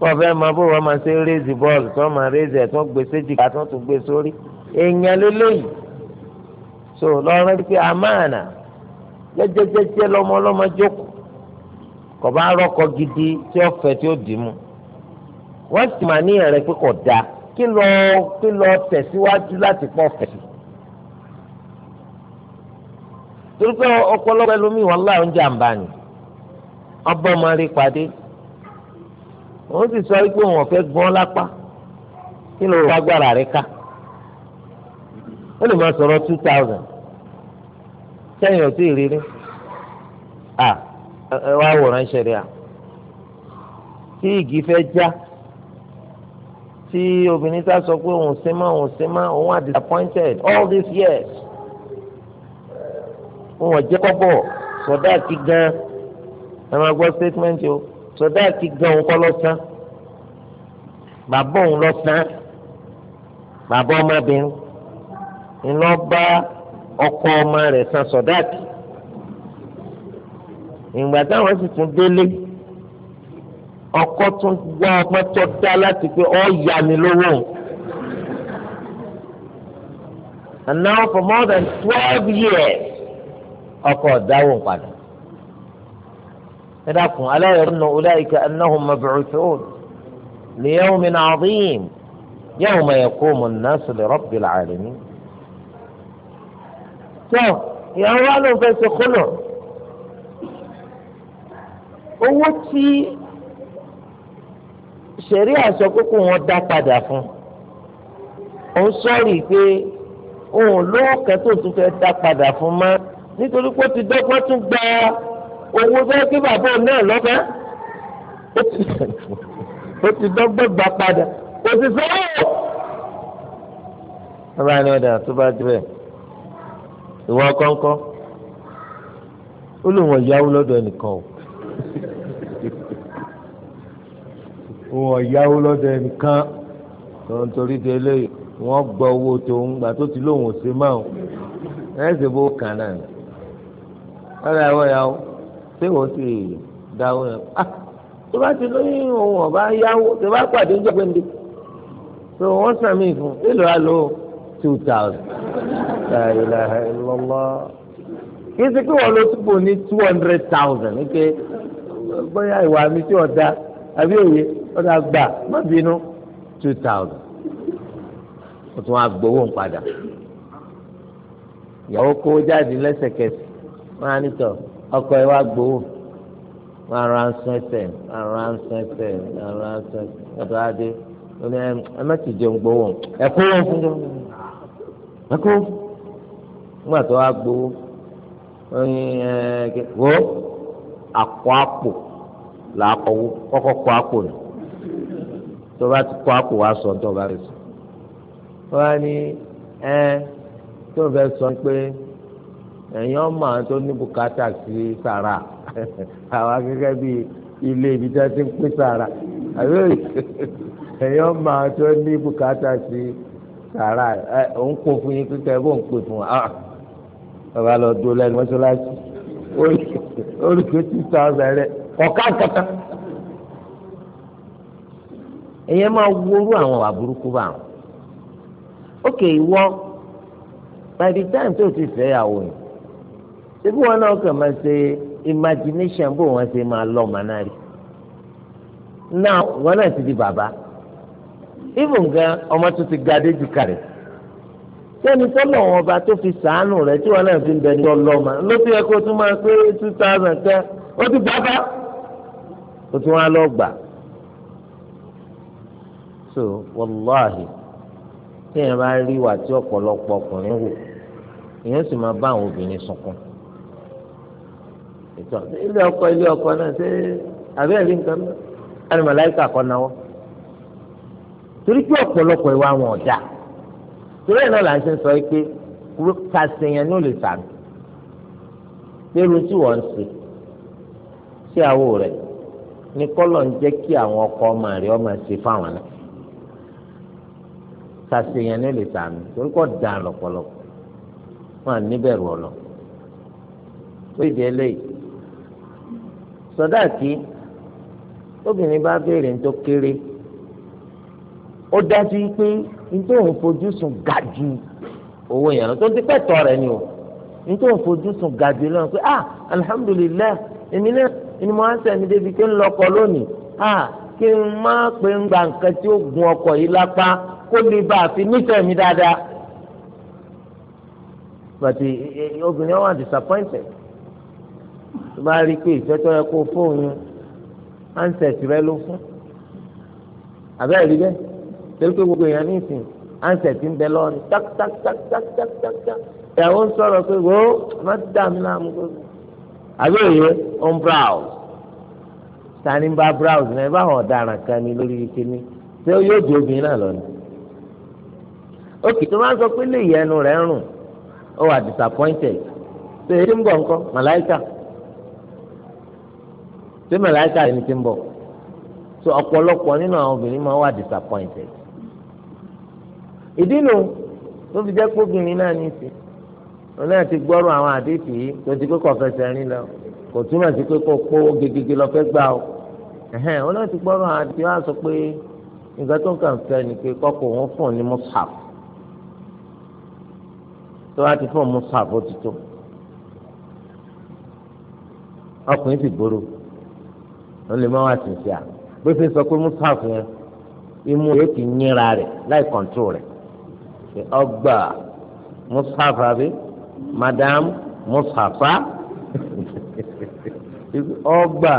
[SPEAKER 1] wọ́n fẹ́ máa bó wọ́n máa ṣe rézì bọ́ọ̀lù tó máa rézì ẹ̀ gbé so lọ́rọ́ ti pé amáàna jẹ́jẹ́jẹ́jẹ́ lọ́mọ ọlọ́mọ jókòó kọba arọkọ gidi tí ó tí ó dì mú wọ́n sì máa ní ẹ̀rẹ́ pé kò dáa kí lọ kí lọ láti pọ fẹ̀ sí. torí pé ẹlòmíì wọn ọba ọmọ rí òun sọ òun ọ̀fẹ́ gbọ́n lápá kí ó lè máa two thousand sẹ́yìn ò tí ì rírí à ẹ wá wòran ṣẹlẹ̀ à tí igi fẹ́ já tí obìnrin tá sọ pé òun símá òun símá òun are disappointed all these years òun ò jẹ́ kọ́bọ̀ sọ̀dá kí gan ẹ máa gbọ́ statement o sọ̀dá kí gan òun kọ́ lọ́sàn bàbá òun lọ́sàn bàbá ọmọbìnrin ńlọ bá ọkọ ọmọ rẹ̀ san sọ̀dáàkì ìgbà táwọn sì tún délé ọkọ tún gbọ́ ọpẹ́ tó dá láti pé ọ yà mí lówó and now for more than twelve years ọkọ ọ̀dáwò padà ẹ dákun aláyọ̀rọ̀ ọ̀láìka annahum mab'uthun li yawmin 'azim yawma yaqumu an-nasu li rabbil 'alamin tó ìyàwó wa ló fẹ́ ṣe kólọ̀ owó tí sẹ̀rí àṣọ kókó wọn dá padà fún ó ń sọ̀rí pé òun lówó kẹ́tò tún fẹ́ dá padà fún mọ́ nítorí pé ó ti dọ́gbọ́n tún gba owó fẹ́ kí bàbá òun náà lọ́gá ó ti dọ́gbọ́n gbà padà kò sì sọ́wọ́. bàbá ni ọ̀dà tó bá jẹ́ bẹ́ẹ̀
[SPEAKER 2] ìwọ kọ́ńkọ́
[SPEAKER 1] ó lóun ọ̀yáwó lọ́dọ̀ ẹnìkan o òun ọ̀yáwó lọ́dọ̀ ẹnìkan tòun torí de eléyìí wọ́n gbọ́ owó tòun gbà tó ti lóun ò sí máa ẹ̀ ẹ́ sì bó kàn náà ọ̀rẹ́ ẹ̀wọ̀ yàwó ṣé wọ́n ti dáwọ́ yẹn ah tó bá ti lóyún òun ọ̀bá yáwó tó bá pàdé ń jẹ́ pẹ́ndé tó wọ́n sàmì fún èlò àlọ́ o two thousand la ilaha illallah kì í ṣe pé wọ́n lọ túbọ̀ ní two hundred thousand ike bóyá ìwà mi tí ọ̀dà àbí òye ọ̀dà gbà má bínú two thousand ó tún wá gbowó padà ìyàwó kó jáde lẹ́sẹ̀kẹsẹ̀ wọ́n á nítọ̀ ọkọ ẹ wá gbowó wọ́n á ra sún ẹsẹ̀ ara ń sún ẹsẹ̀ ara ń sún ẹsẹ̀ ọ̀dọ̀ adé ẹ mẹ́tì ẹ kó fún jẹun mẹ́kọ́ nígbà tó wá gbowó wo àkọ àpò là á kọ wó kọ́kọ́ kọ àpò nù tó bá ti kọ àpò wá sọ tó bá rẹ sọ wọ́n á ní ẹ tó fẹ́ sọ pé ẹ̀yin ọmọ àwọn tó ní bùkátà sí sàrà àwọn akẹ́kẹ́ bíi ilé ibi tí ti ń pín sàrà àbí ẹ̀yin ọmọ àwọn tó ní bùkátà sí sàrà ẹ òun kó fún yín pípẹ́ bó ń pè fún wa ah, bàbá lọ dúró lẹ́nu mọ́ṣáláṣí olùkọ́ two thousand rẹ ọ̀ká kankan. ẹ̀yẹ́ máa wóró àwọn wà burúkú bá wọn. ókè ìwọ by the time tó ti fẹ́ yàwó ni ṣébí wọn náà kàn máa ṣe imagination bó wọn ṣe máa lọ́ọ́ mọ́ náà rí. náà wọn náà ti di bàbá. even nga ọmọ tó ti ga dé jìkà rẹ̀ sẹ́ni tọ́lọ̀ wọn ọba tó fi sàánù rẹ tí wọn náà fi ń bẹni ọlọ́mọ ló fi ẹ kó tún máa pé two thousand kan ó ti gbà bá ó lọ gbà so wàláhì téèyàn bá rí wà tí ọ̀pọ̀lọpọ̀ ọkùnrin wò èèyàn sì máa bá àwọn obìnrin sunkún ilé ọkọ ilé ọkọ náà torí pé ọ̀pọ̀lọpọ̀ ìwà wọn ọ̀dà torí ẹ̀ náà là ń ṣe sọ pé ká ṣèyàn ní olè sàmì lérò tí wọ́n ń ṣe sí àwọ̀ rẹ̀ ní kọ́lọ̀ ń jẹ́ kí àwọn ọkọ ọmọ rẹ̀ ọmọ ṣe fáwọn náà ká ṣèyàn ní olè sàmì torí kọ́ da lọ́pọ̀lọpọ̀ wọn à níbẹ̀rù ọ̀lọ́ tó ìdí eléyìí sọdáàkì obìnrin bá béèrè ní tó kéré. So ó dájú pé nítorí òun fojú sùn ga ju owó yẹn lọ tó ti pẹ́ tọ́ rẹ̀ ni o nítorí òun fojú sùn ga ju lọ́nà pé ah alihamudulilayi èmi náà ni mo á sẹ́ni débi pé ń lọkọ lónìí ah kí n má pé ń gba nǹkan tí ó gun ọkọ̀ yìí lápá kó lè bá a fi nífẹ̀ẹ́ mi dáadáa bàtì eh, eh, obìnrin wa disappointed tó bá rí i pé ìfẹ́ tó kó fóònù handset rẹ ló fún abẹ́rẹ́ rí bẹ́ẹ̀ torí pé gbogbo èèyàn nísìn ansẹ̀ ti ń bẹ lọ́ọ̀ni tak tak tak tak tak tak tak ìyàwó ń sọ̀rọ̀ pé wò ó má ti dà mí láàmú gbogbo. àbẹ̀yẹ on browse tani bá browse náà ẹ bá wọn ọ̀daràn kan ní lórí kíní tí ó yóò di obìnrin náà lọ́nà. òkè tó máa ń sọ pé lè yẹ rẹ̀ ń rùn ó wà disappointed ṣé èyí ń bọ̀ ńkọ́ màláìkà ṣé màláìkà ẹni ti ń bọ̀ so ọ̀pọ̀lọpọ̀ nínú àwọn obìnrin máa wà disappointed. ìdí nu tó fi jẹ́ kóbìnrin náà ní ìsìn òun náà ti gbọ́rọ̀ àwọn àdéhùn yìí tó ti pé kò fẹsẹ̀ rìn lọ kò túmọ̀ sí pé kò gidigidi lọ fẹ́ o òun náà ti gbọ́rọ̀ àwọn àdéhùn á sọ pé nǹkan tó ń kàn fẹ́ ni pé kọ́kọ́ òun fún ní mushaf tó wá ti fún mushaf ó ọkùnrin sì gbòòrò lè wá à bó ṣe sọ pé mushaf yẹn imú yóò ti rẹ̀ láì kọ̀ǹtró ọgbà mushaf àbí madam mushafa ọgbà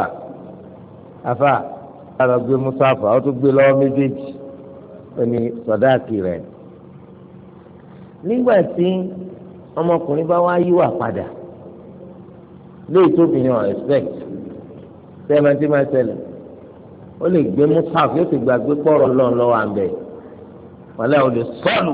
[SPEAKER 1] afa ara gbé mushafa ó tún gbé lọ́wọ́ méjèèjì ó ní sọdáàkì rẹ̀ nígbà tí ọmọkùnrin bá wá yíwà padà lóòótọ́ obìnrin ọ̀ expect sẹ́mẹ́ntì máa ṣẹlẹ̀ ó lè gbé mushaf yóò ti gbàgbé pọ̀rọ̀ lọ́nlọ́wọ́ àbẹ̀ wàlẹ́ ò lè sọ́nù.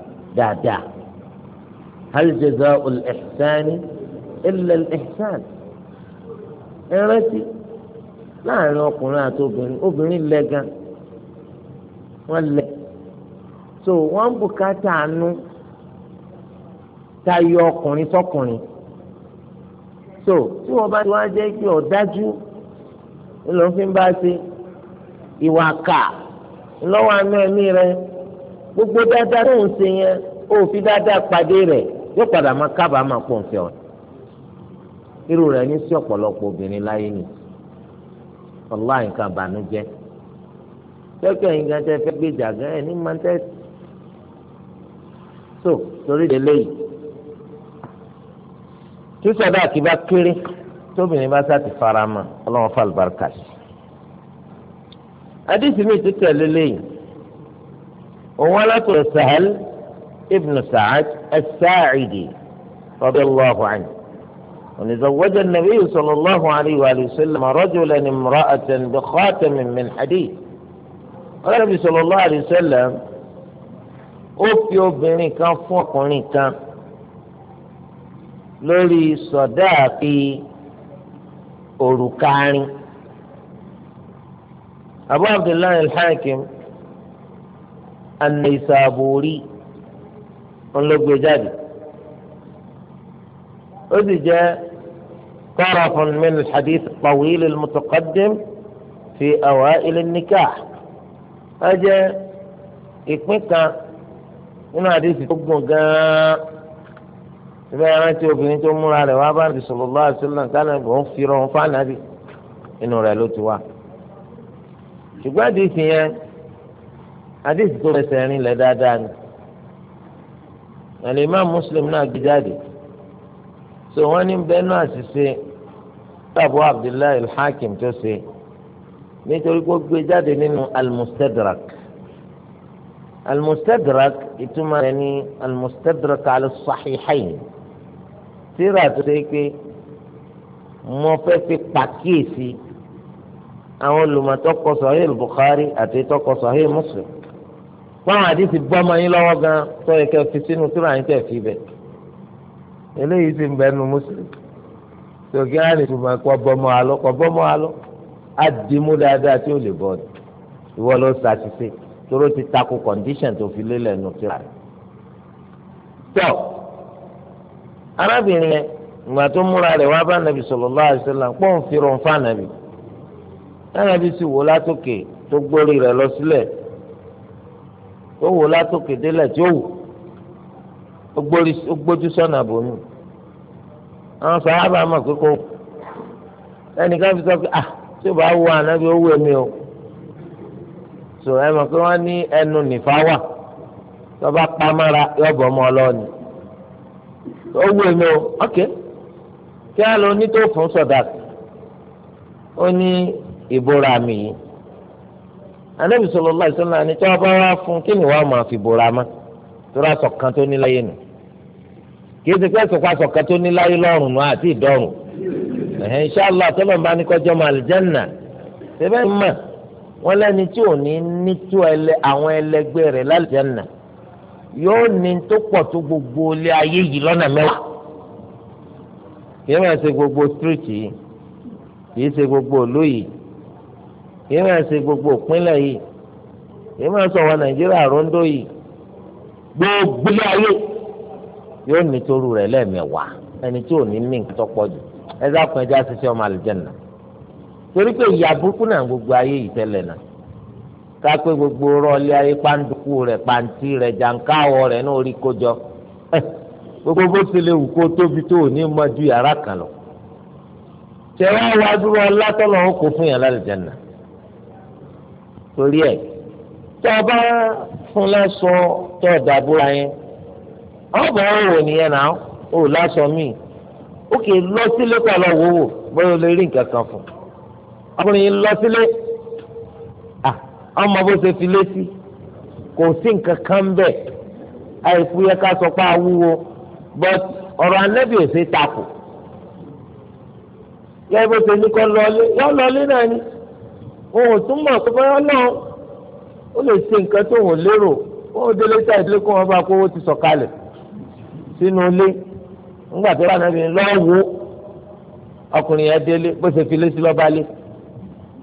[SPEAKER 1] dáadáa hal jazaa'ul ihsani illa al-ihsan ẹ rántí láàrin ọkùnrin àti obìnrin obìnrin lẹ gan wọn lẹ so wọn ń bùkátà àánú tayọ ọkùnrin sọkùnrin so tí wọn bá ti wá jẹ kí ọdájú ńlọfin bá ṣe ìwà kà ńlọwọ àánú ẹ̀mí rẹ gbogbo dáadáa tó ń ṣe yẹn ó fi dáadáa pàdé rẹ̀ yóò padà máa kábàámà pọ̀ ń fẹ́ ọ. irú rẹ̀ ní sí ọ̀pọ̀lọpọ̀ obìnrin láyé nì ọlá nǹkan bànújẹ́ tẹ́kẹ̀ yín gan tẹ́ fẹ́ gbèjà gan ẹ̀ ní máa tẹ́ so torí délé yìí tí sọdá àkìbá kéré tóbìnrin bá sá ti fara mọ́ ọlọ́run fàlùbáràkà sí. adísìmí ti tẹ̀lé lẹ́yìn. وولد سهل ابن سعد الساعدي رضي الله عنه ونزوج زوج النبي صلى الله عليه وآله وسلم رجلا امرأة بخاتم من حديد قال النبي صلى الله عليه وسلم أوفي بنك obìnrin لولي صداقي ọkùnrin أبو عبد الله الحاكم an-Naysaburi wọn ló gbé jáde ó sì jẹ́ tarafun min al-hadith al-tawil al-mutaqaddim fi awa'il an-nikah ó jẹ́ ìpín kan nínú àdéhùn tó gùn gan-an ìfẹ́ arántí obìnrin tó múra rẹ̀ wá bá nàbì sallallahu alaihi wasallam kálẹ̀ bò ń fi rọrùn fáànàbì inú rẹ̀ ló ti wá ṣùgbọ́n àdéhùn yẹn hadith tó fẹsẹ̀ rìn lẹ̀ dáadáa ni àlèmá muslim náà gbé jáde so wọ́n ní bẹ́ẹ̀ náà ṣiṣẹ́ tàbí abdullahi alhakim tó ṣe nítorí kó gbé jáde nínú almustadrak almustadrak ìtumọ̀ rẹ̀ ní almustadrak ala sahihayn tíra tó ṣe pé mo fẹ́ fi pàkíyèsí àwọn olùmọ̀tọ́kọ sahih bukhari àti tọkọ sahih muslim báwọn àdìsí bọ́ ọmọ yín lọ́wọ́ gan tó yẹ kẹ́ fi sínú tó rà yín tẹ̀ fi bẹ̀ eléyìí sì ń bẹ nu mùsùlùmí tòkí á ní ìtumọ̀ kọ́ bọ́mọ alọ́ kọ́ bọ́mọ alọ́ á di mú dáadáa tí ó lè bọ́ ọ̀dọ̀ ìwọ ló ṣàṣìṣe tóró ti takò condition tó fi lélẹ̀ nù tíra rẹ̀. tọ́ arábìnrin yẹn ìgbà tó múra rẹ̀ wá bá nàbì sallallahu alaihi wasallam pọ́ùn fi rọ̀ fún ànàbì ó wò látòkè délẹ̀ tí ó wù ó gbójú sọ́nà àbòmí àwọn sàábà mọ̀ pé kó ẹnìkan fi sọ pé ah tí o bá wọ ànábi ó wù mí o sọ ẹ mọ̀ pé wọ́n ní ẹnu nìfà wà tí wọ́n bá pa mára yọ̀bọ̀ ọmọ ọlọ́ọ̀ni ó wù mí o ok kí á lọ ní sọ̀dà ó ní ìbora mi yìí anabi sọlọ lọ àìsàn náà ni tí wọn bá wá fún kí ni wọn máa fi bora ma torí asọkan tó ní láyé nù kì í ti pẹ́ sọ̀kọ́ asọkan tó ní láyé lọ́rùn nù àti ìdọ́rùn ẹ̀hẹ́n inṣàlá tọ́lọ́mù bá ní kọjọ́ máa lè jẹ́nà ṣẹ́fẹ́ mà wọ́n lẹ́ni tí ò ní ní tó àwọn ẹlẹgbẹ́ rẹ̀ láti yóò ní tó pọ̀ tó gbogbo ilé ayé yìí lọ́nà mẹ́wàá kì í máa ṣe gbogbo street yìí kì í ṣe gbogbo òlú yìí yìí máa ṣe gbogbo ìpínlẹ̀ yìí yìí máa sọ̀rọ̀ nàìjíríà rondo yìí gbogbo ayé yóò nítorí rẹ̀ lẹ́ẹ̀mẹ̀wàá ẹni tí ò ní mí nǹkan tó pọ̀ jù ẹ dákun ẹjẹ́ àṣìṣe ọmọ àlùjànnà torí pé ìyá burúkú náà gbogbo ayé yìí tẹ́lẹ̀ náà ká pé gbogbo rọlé ayé pàǹdùkú rẹ̀ pàǹtí rẹ̀ jàǹkáwọ̀ rẹ̀ náà rí kójọ eh, gbogbo bó ti lè wù kó tóbi tó ò ní mọ ju yàrá kan lọ tẹ̀wá wá dúró ọlá tọ́lọ́ ó kó fún yàrá àlùjànnà torí ẹ̀ tó o bá fún lásọ tó o dàbúra yẹn ọ̀bọ̀ òwò nìyẹn náà ó lásọ míì ó kì í lọ sílé kọ́ lọ wò wò bóyá o lè rí nǹkan kan fún ọkùnrin yìí lọ sílé ọmọ bó ṣe fi létí kò sí nǹkan kan but ọ̀rọ̀ ò ṣe yẹ bó ṣe ní kọ́ yọ òun ò túmọ̀ tó bá náà ó lè ṣe nǹkan tó wọ́n lérò ó délé tá ìdílé kó wọn bá kó owó ti sọ̀kalẹ̀ sínú ilé ńgbà tó lánàá bìnrin lọ́wọ́ wo ọkùnrin yẹn délé bó ṣe fi lé sí lọ́ba lé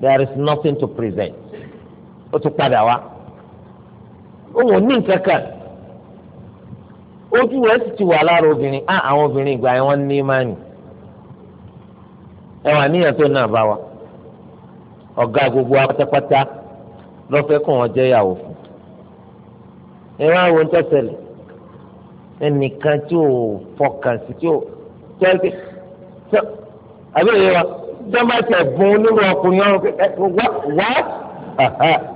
[SPEAKER 1] there is nothing to present ó tún padà wá òun ò ní nǹkan kan ojú rẹ̀ sì ti wà lára obìnrin á ah, àwọn obìnrin ìgbà yẹn wọ́n ní ìmánì ẹ̀wà níyàn tó náà bá wa ọ̀gá gbogbo apátápátá lọ́fẹ́ kàn wọ́n jẹ́ ìyàwó fún ìran àwọn ń tẹ̀sẹ̀lẹ̀ ẹnìkan tí ò fọkàn sí tí ò tẹ́lẹ̀ àbí èyí wa jọba tẹ bùn nínú ọkùnrin ọ̀hún ẹ wá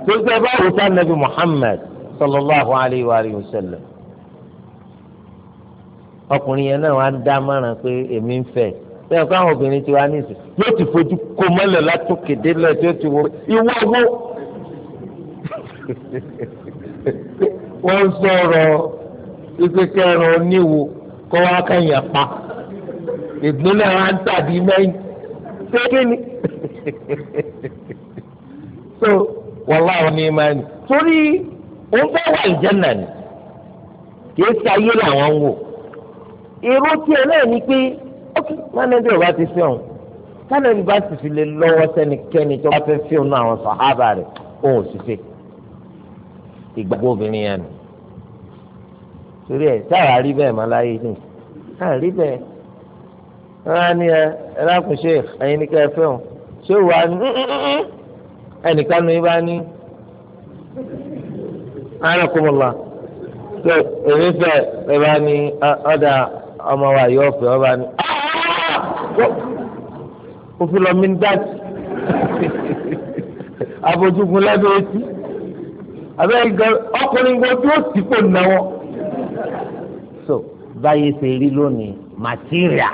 [SPEAKER 1] tó tẹ bá wò nàbì Muhammad sallallahu alayhi wa alihi wa sallam ọkùnrin yẹn náà wà á dá márùn pé èmi ń fẹ́ ẹ sẹ́yìn fún àwọn obìnrin tí wàá nísì yóò ti fojú kó mọ́lẹ̀ látòkè délẹ̀ tí ó ti wọ ìwọ wọ. wọ́n ń sọ̀rọ̀ ike kẹrin oníwo kó wá kẹyìn pa ìgbóná wa ń tàbí mẹ́yìn péré ni. so wàlá òní máa ń torí òun fẹ́ wà ìjẹ́nà ni kì í ṣe ayé làwọn ń wò. èrò tiẹ̀ náà ni pé ókè mọ́nẹ́dì ọba ti fi hàn kánẹ́dì bá sì fi lè lọ́wọ́ sẹ́nikẹ́ni tó bá fẹ́ fi hàn àwọn sàhábà rẹ̀ òun ò sì fẹ́ ìgbàgbọ́ obìnrin yẹn nù torí ẹ̀ sáà rí bẹ́ẹ̀ máa láyé nù sáà rí bẹ́ẹ̀ rárá ni ẹ ẹ lákùn ṣe ẹ̀yin ní ká ẹ fẹ́ hàn ṣé wàá ní mm, mm, mm, ẹnìkan ní bá ní ara la tó èmi fẹ́ ẹ bá ní ọ̀dà ọmọ wa yóò fẹ́ ọ bá òfin lọ́mí ń dájú abojugun lábẹ́ etí abẹ́ ìgbà ọkùnrin gbọ́ tí ó sì kò ná wọn. so báyìí ṣe rí lónìí màtíríà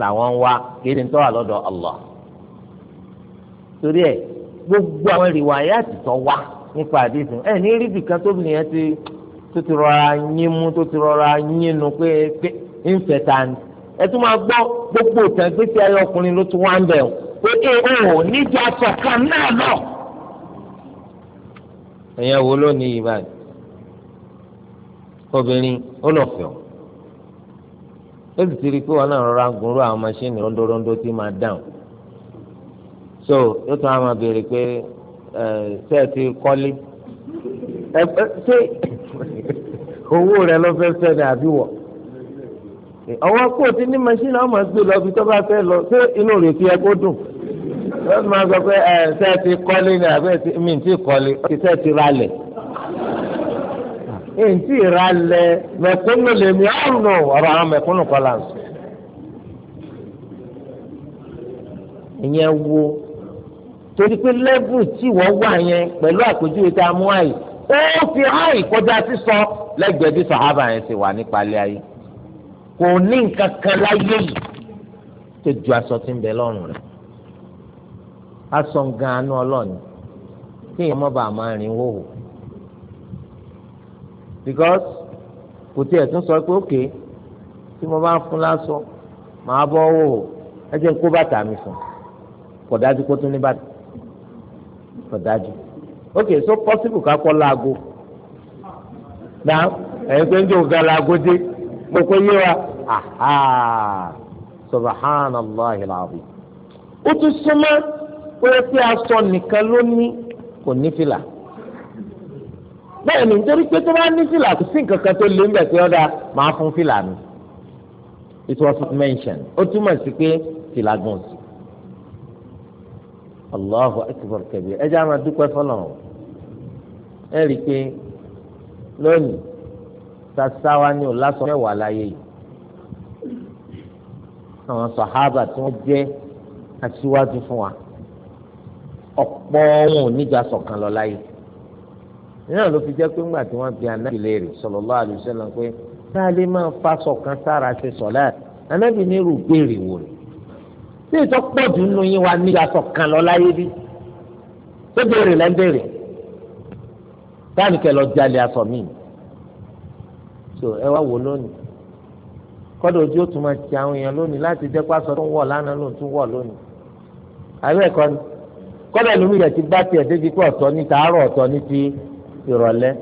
[SPEAKER 1] làwọn ń wá kéde tó wà lọ́dọ̀ Allah torí ẹ gbogbo àwọn ìrìwà ayé àtìtọ́ wá nípa àdéhùn ẹ ní rí bìkan tóbi nìyẹn ti tó ti rọra yín mú tó ti rọra yín nu pé pé ń fẹ́ ta ni ẹ tún máa gbọ́ gbogbo ìtàn ìgbésí ayé ọkùnrin ló tún wá ń bẹ̀ ọ́ pé ẹ ò nídìí aṣọ kan náà lọ. ẹ̀yẹ wo ló ní ìbá yìí obìnrin ó lọ fẹ́ ọ́ ó sì ti rí i pé wọn náà rọra ń gunrú àwọn maṣíìnì rọ́ńdọ́rọ́ńdọ́ tí máa dáhùn so yóò tún àwọn béèrè pé ṣé ẹ ti kọ́lé ṣé owó rẹ ló fẹ́ fẹ́ ni àbí wọ̀ ọwọ́ kó o ti ní machine ọmọ gbé lọ bí tó bá fẹ́ lọ ṣé inú rẹ̀ fi ẹ kó dùn lọ́dún máa sọ pé ẹ ṣe ti kọ́lé ni àbẹ́ mi ti kọ́lé ọtí ṣe ti ralẹ̀ èyí ti ralẹ̀ mẹ̀kúnnù lèmi ọ̀nù ọ̀rọ̀ àwọn mẹ̀kúnnù kọ́ là ìyẹn wo torí pé lẹ́bù tí wọ́n wà yẹn pẹ̀lú àpèjúwe tá a mú àyè ó fi hàn ìkọjá sísọ lẹ́gbẹ̀ẹ́ bí sàhábà yẹn ti wà nípa ilé ayé kò ní nǹkan kan láyé yìí tó ju aṣọ tí ń bẹ lọ́rùn rẹ̀ aṣọ nǹkan àánú ọlọ́ọ̀ni tí èèyàn mọ́ba máa rìn wòwò because kò tiẹ̀ tún sọ pé ókè tí mo bá ń fún lásọ màá bọ́ wòwò ẹ jẹ́ kó bàtà mi fún kò dájú kó tún ní bàtà kò dájú ókè so possible ká kọ́ láago náà ẹ̀yin pé ń jò ga láago dé mo kó yé wa subhanallah alazim ó tún súnmọ́ pé kí aṣọ nìkan ló ní kò ní fìlà bẹ́ẹ̀ ni nítorí pé tó bá ní fìlà kò sí nǹkan kan tó lé níbẹ̀ tí ọ̀dà máa fún fìlà mi it was mentioned ó túmọ̀ sí pé fìlà gùn sí allahu akbar kabir ẹ jẹ́ àwọn adúpẹ́ fọlọ́n ẹ rí i pé lónìí sasawa ni ò lásán mẹ́wàá láyé yìí àwọn sàhábà tí wọ́n jẹ́ aṣíwájú fún wa ọ̀pọ̀ wọn ò níjà ṣọ̀kan lọ láyé nínú ló fi jẹ́ pé ńgbà tí wọ́n bi anábì léèrè sallallahu alaihi wasallam pé tá a lè máa fa ṣọ̀kan sára ṣe sọ̀lá anábì ní irú béèrè wò rè tí ìtọ́ pọ̀ jù nínú yín wa níjà ṣọ̀kan lọ láyé bí tó béèrè lẹ́ ń béèrè táàmì kẹ lọ jalè aṣọ míì so ẹ wá wò lónìí kọ́dọ̀ ojú ó tún máa ti àwọn èèyàn lónìí láti jẹ́ pé aṣọ tó ń wọ̀ lánàá ló ń tún wọ̀ lónìí. àbẹ́ ẹ̀kọ́ ni kọ́dọ̀ lómi rẹ̀ ti bá tiẹ̀ débi pé ọ̀tọ̀ ní tàárọ̀ ọ̀tọ̀ ní ti ìrọ̀lẹ́.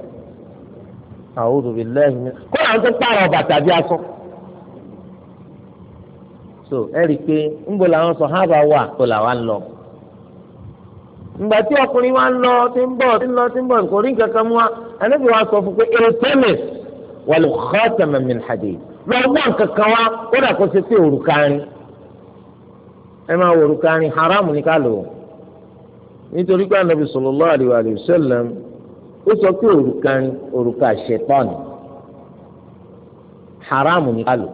[SPEAKER 1] àwòrán mi lẹ́yìn mi kó àwọn tó ń pààrọ̀ bàtà bí aṣọ. so ẹ rí i pé ńgbò làwọn sọ hábà wà kó làwa ń lọ. ìgbà tí ọkùnrin wa ń lọ ti ń bọ̀ ti ń lọ ti ń bọ̀ wal khatama min hadid lọ́wọ́ nǹkan kan wá ó dà kó ṣe pé òrùkarin ẹ máa wọ òrùkarin haramu ní ká lò ó nítorí pé anabi sallallahu alaihi wa sallam ó sọ pé òrùkarin òrùka ṣẹ̀tánì haramu ní ká lò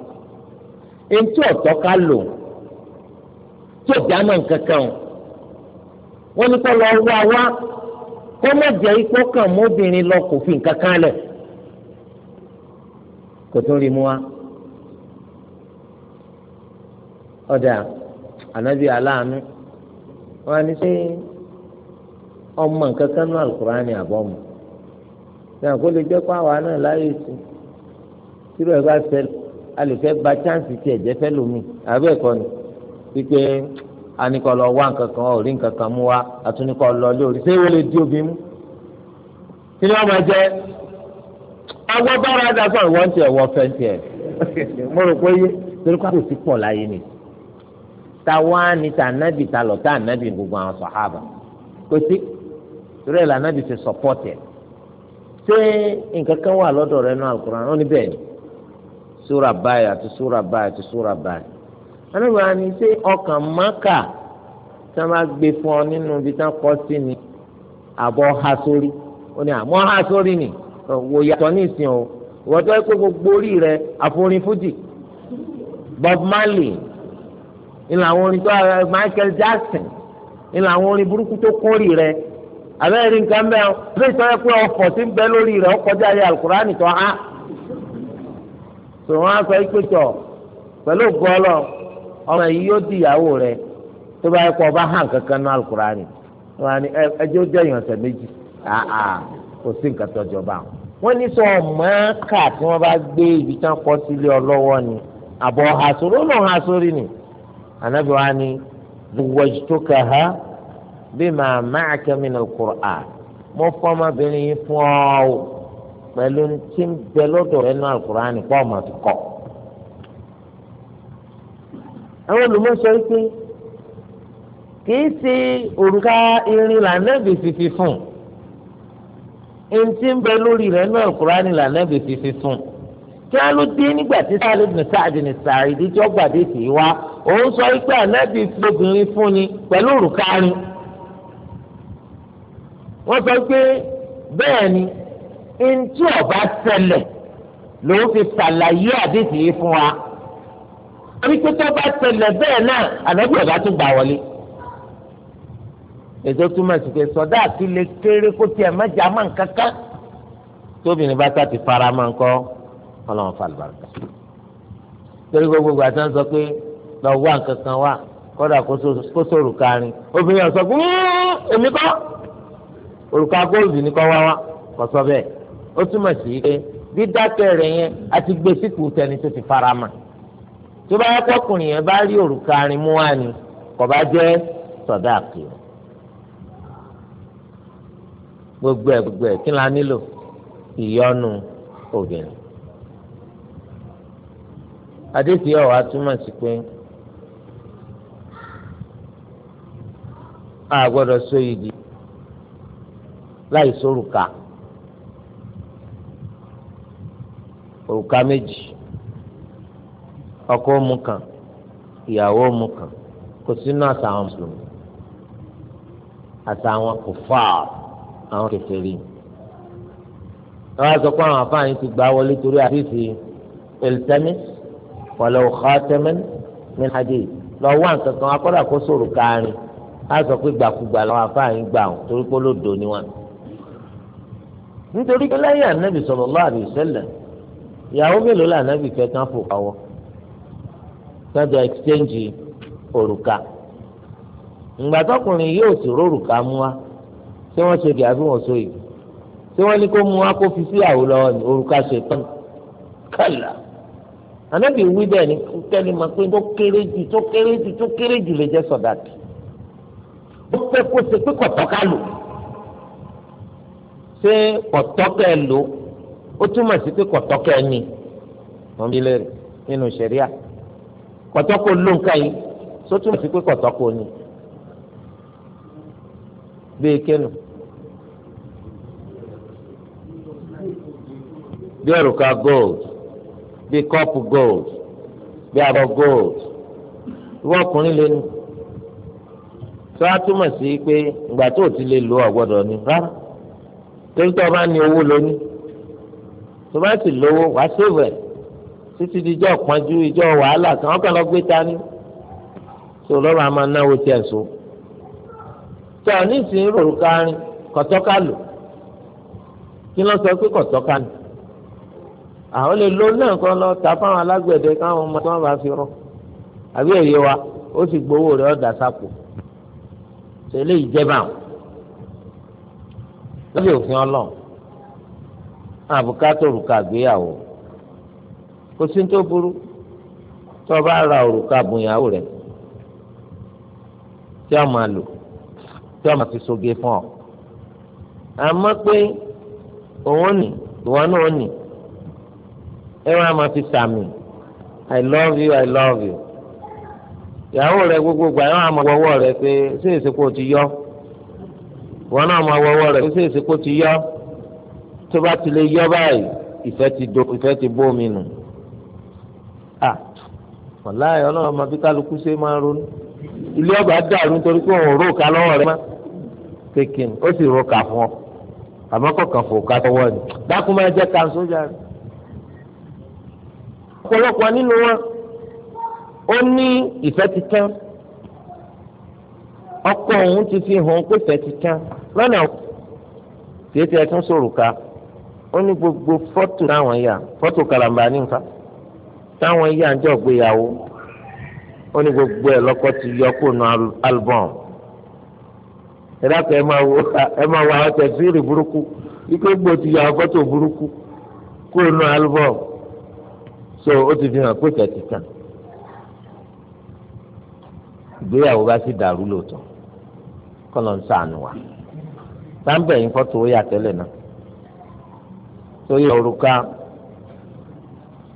[SPEAKER 1] eŋti ọ̀tọ̀ ká lò tí ò dáná nǹkan o wọ́n ní kó lọ wá wá kó má jẹ́ kan mọ́bìnrin lọ kò fi nǹkan lẹ̀ kò tún rí mu wá ọ̀dà ànábì aláàánú wọn ni ṣé ọmọ nǹkan kan náà alukurani àbọ̀mù náà kó lè jẹ́ pé àwa náà láyé sí tírú ẹ̀ bá ṣẹlẹ̀ a lè fẹ́ ba chance tiẹ̀ jẹ́ fẹ́ lómi àbẹ́ ẹ̀kọ́ ni wípé anikọ lọ wá nǹkan kan ò rí nǹkan kan mú wa àtúnikọ lọ lórí ṣé wọ́n lè di obì mú kí ni wọ́n awọ bára dà fún àwọn tiẹ̀ wọ fẹ́ tiẹ̀ mo rò pé yé torí kó àtòsí pọ̀ láyé ni táwa ni tà nábì ta lọ tá nábì gbogbo àwọn sọ̀hábà kò sí torí ẹ̀ là nábì ti sọ̀pọ̀tì ẹ̀ ṣé nǹkan kan wà lọ́dọ̀ rẹ̀ náà Al-Qur'an wọn ni bẹ́ẹ̀ ni súra báyìí àti súra báyìí àti súra báyìí anábì wa ni ṣé ọkàn máka tí wọn bá gbé fún ọ nínú ibi tí wọn kọ sí ni àbọ̀ ha sórí ó ní àmọ́ ha sórí ni wò yàtọ̀ ní ìsìn o wọ́n tó ẹ gbogbo orí rẹ àforin fújì Bob Marley ní làwọn orin tó Michael Jackson ní làwọn orin burúkú tó kórì rẹ abẹ́rẹ́ nǹkan bẹ́ẹ̀ bí ìtọ́jú pé ọ̀fọ̀ tí ń bẹ lórí rẹ̀ ó kọjá ayé alukurani tó há tòun á sọ ìpètò pẹ̀lú gọ́ọ̀lọ́ ọmọ yìí yóò di ìyàwó rẹ̀ tó bá yẹ kó ọba hàn kankan ní alukurani wọn ni ẹjọ́ jẹ́ ìyànṣẹ́ méjì kò sí nǹkan tọ́jọba àwọn wọ́n ní sọ mọ́ọ́kà tí wọ́n bá gbé ibi tán kọ́ sílé ọlọ́wọ́ ni àbọ̀ àsòrò ló hàn sórí ni ànábì wa ni zawwajtukaha bima ma'aka minal Qur'an mo fọmọbìnrin yìí fún ọ o pẹ̀lú tí ń bẹ lọ́dọ̀ rẹ̀ náà ni pọ́ ọmọ ti kọ́. àwọn olùmọ̀sọ yìí pé kì í ṣe òrùka irin làǹdàbì fífi fún un eŋti ń bẹ lórí rẹ̀ náà kúránì lànàbì fífi fún kí á ló dé nígbà tí sáàlì ní sáàdì ní sàrídì tí ó gbàdé sí i wá òun sọ pé ànábì obìnrin fún ni pẹ̀lú òrùkarin wọ́n sọ pé bẹ́ẹ̀ ni ntí ọba ṣẹlẹ̀ ló fi ṣàlàyé àdéhìí fún wa torí pé tó bá bẹ́ẹ̀ náà ànábì ọba tún gbà wọlé ètò túmọ̀ sí pé sọ̀dá àti lè kéré kó tiẹ̀ mẹ́jà máa ń kankan tóbìnrin bá sáà ti fara máa ń kọ́ ọlọ́run falùbáràkà torí gbogbo àti wọn sọ pé lọ wá nǹkan kan wá kọ́dà kó sóòrù kárin obìnrin ọ̀sọ́ fún èmi kọ́ òrùka góòlù ní kọ́ wá wá kọ́ sọ bẹ́ẹ̀ ó túmọ̀ sí pé dídákẹ́ rẹ̀ yẹn àti gbèsè kù tẹni tó ti fara mà tó bá yẹ kọ́kùnrin yẹn bá rí òrùka rin mú wá ni kò bá jẹ́ sọ̀dá àkìrọ̀ gbogbo ẹ gbogbo ẹ kí la nílò ìyọnu obìnrin adétì ọwà túmọ̀ sí pé a gbọ́dọ̀ so igi láì sórùka òrùka méjì ọkọ mu kan ìyàwó mu kan kò sínú àṣà mùsùlùmí àṣà àwọn kò fáà àwọn kẹsẹ̀ rí wọn á sọ pé àwọn afáàní ti gbà wọlé torí àfíìsì ìlítẹ́mí wàlẹ̀ òkà tẹ́mẹ́ni ní hadì lọ wá nǹkan kan akọ́dà kó sòrò káàrin á sọ pé gbàkúgbà làwọn afáàní gbà wọn torí pé olódo ni wọn. nítorí pé lẹ́yìn ànábì sallallahu alaihi wasallam ìyàwó mélòó là ànábì fẹ́ kán fò káwọ́ sọ́jọ́ exchange òrùka ìgbà tọkùnrin yóò sì rórùka mú wa tí wọ́n sòdì àbí wọ́n sọ yìí tí wọ́n ní kó mu wá kó fi sí àwòrán lọ́wọ́ ní òrùka ṣe tán kàlà ànábì wí bẹ́ẹ̀ ni kẹ́ni máa pé tó kéré jù tó kéré jù tó kéré jù lè jẹ́ sọ̀dàkì ó fẹ́ kó ṣe pé kọ̀tọ́ká lò ṣé kọ̀tọ́ká lò ó túmọ̀ sí pé kọ̀tọ́ká ni wọ́n bí lérè nínú ṣẹ̀ríà kọ̀tọ́kọ̀ ló ń ká sótúmọ̀ sí pé kọ̀tọ́kọ̀ ni bíi kéènù. bí òrùka gold bí kọ́pù gold bí abọ́ gold ìwọ ọkùnrin lé ní tó a túmọ̀ sí pé ìgbà tó o ti lè lo ọ̀gbọ́dọ̀ ni rárá torí tó o bá ní owó lóní tó o bá sì lówó wàá sèwé títí di ijọ́ pọ́njú ijọ́ wàhálà kan ọ̀kan lọ gbé ta ni tó lọ́rọ̀ a máa náwó tiẹ̀ so tó o ní ìsìn òrùka rin kọ̀tọ́ka lò kí ló sọ pé kọ̀tọ́ka ni. àwọn lè lo náà kọ́ lọ ta fáwọn alágbẹ̀dẹ káwọn ọmọ tí wọ́n bá fi rọ àbí ẹ̀yẹ wa ó sì gbowó rẹ̀ ọ̀dà sápò tẹ́lẹ̀ ìjẹba lọ́sẹ̀ òfin ọlọ́run àbùkátà òrùka àgbéyàwó kò sí tó burú tó bá ra òrùka àbùyàwó rẹ̀ tí a máa lò tí a máa fi soge fún ọ àmọ́ pé òun ní ìwọ náà ní ẹ wá máa fi sàmì i love you i love you ìyàwó rẹ gbogbo gbà ẹ wá máa wọwọ rẹ pé ṣé èsì kò ti yọ wọn náà máa wọwọ rẹ pé ṣé èsì kò ti yọ tó bá ti lè yọ báyìí ìfẹ́ ti do ìfẹ́ ti bó mi nù ah wàláyé ọlọ́run máa fi kálukú ṣe máa ronú ilé ọba dàrú nítorí pé òun rò ká lọ́wọ́ rẹ má kékin ó sì rò ká fún ọ àmọ́ kọ̀ọ̀kan fò ká tọwọ́ ni dákú máa jẹ́ ká sójà rẹ ọ̀pọ̀lọpọ̀ nínú wọn ó ní ìfẹ́ ti tán ọkọ òun ti fi hàn pé ìfẹ́ ti tán lọ́nà kìí ti ẹtún sòrò ká ó ní gbogbo fọ́tò táwọn yà fọ́tò kàlàmbà nífa táwọn yà ń jọ gbéyàwó ó ní gbogbo ẹ̀ lọ́kọ ti yọ kó nu albọ́m ìdáàkọ̀ ẹ máa wo ẹ máa wo àwọn tẹ̀síìrì burúkú ikú gbòó ti yọ àwọn fọ́tò burúkú kó nu albọ́m. so ó ti fi hàn pé tẹ̀tí tàn ìgbéyàwó bá sì dàrú lóòótọ́ kọ́ ló ń sànù wa sáńbẹ̀ yín fọ́tò ó yà tẹ́lẹ̀ náà torí òrùka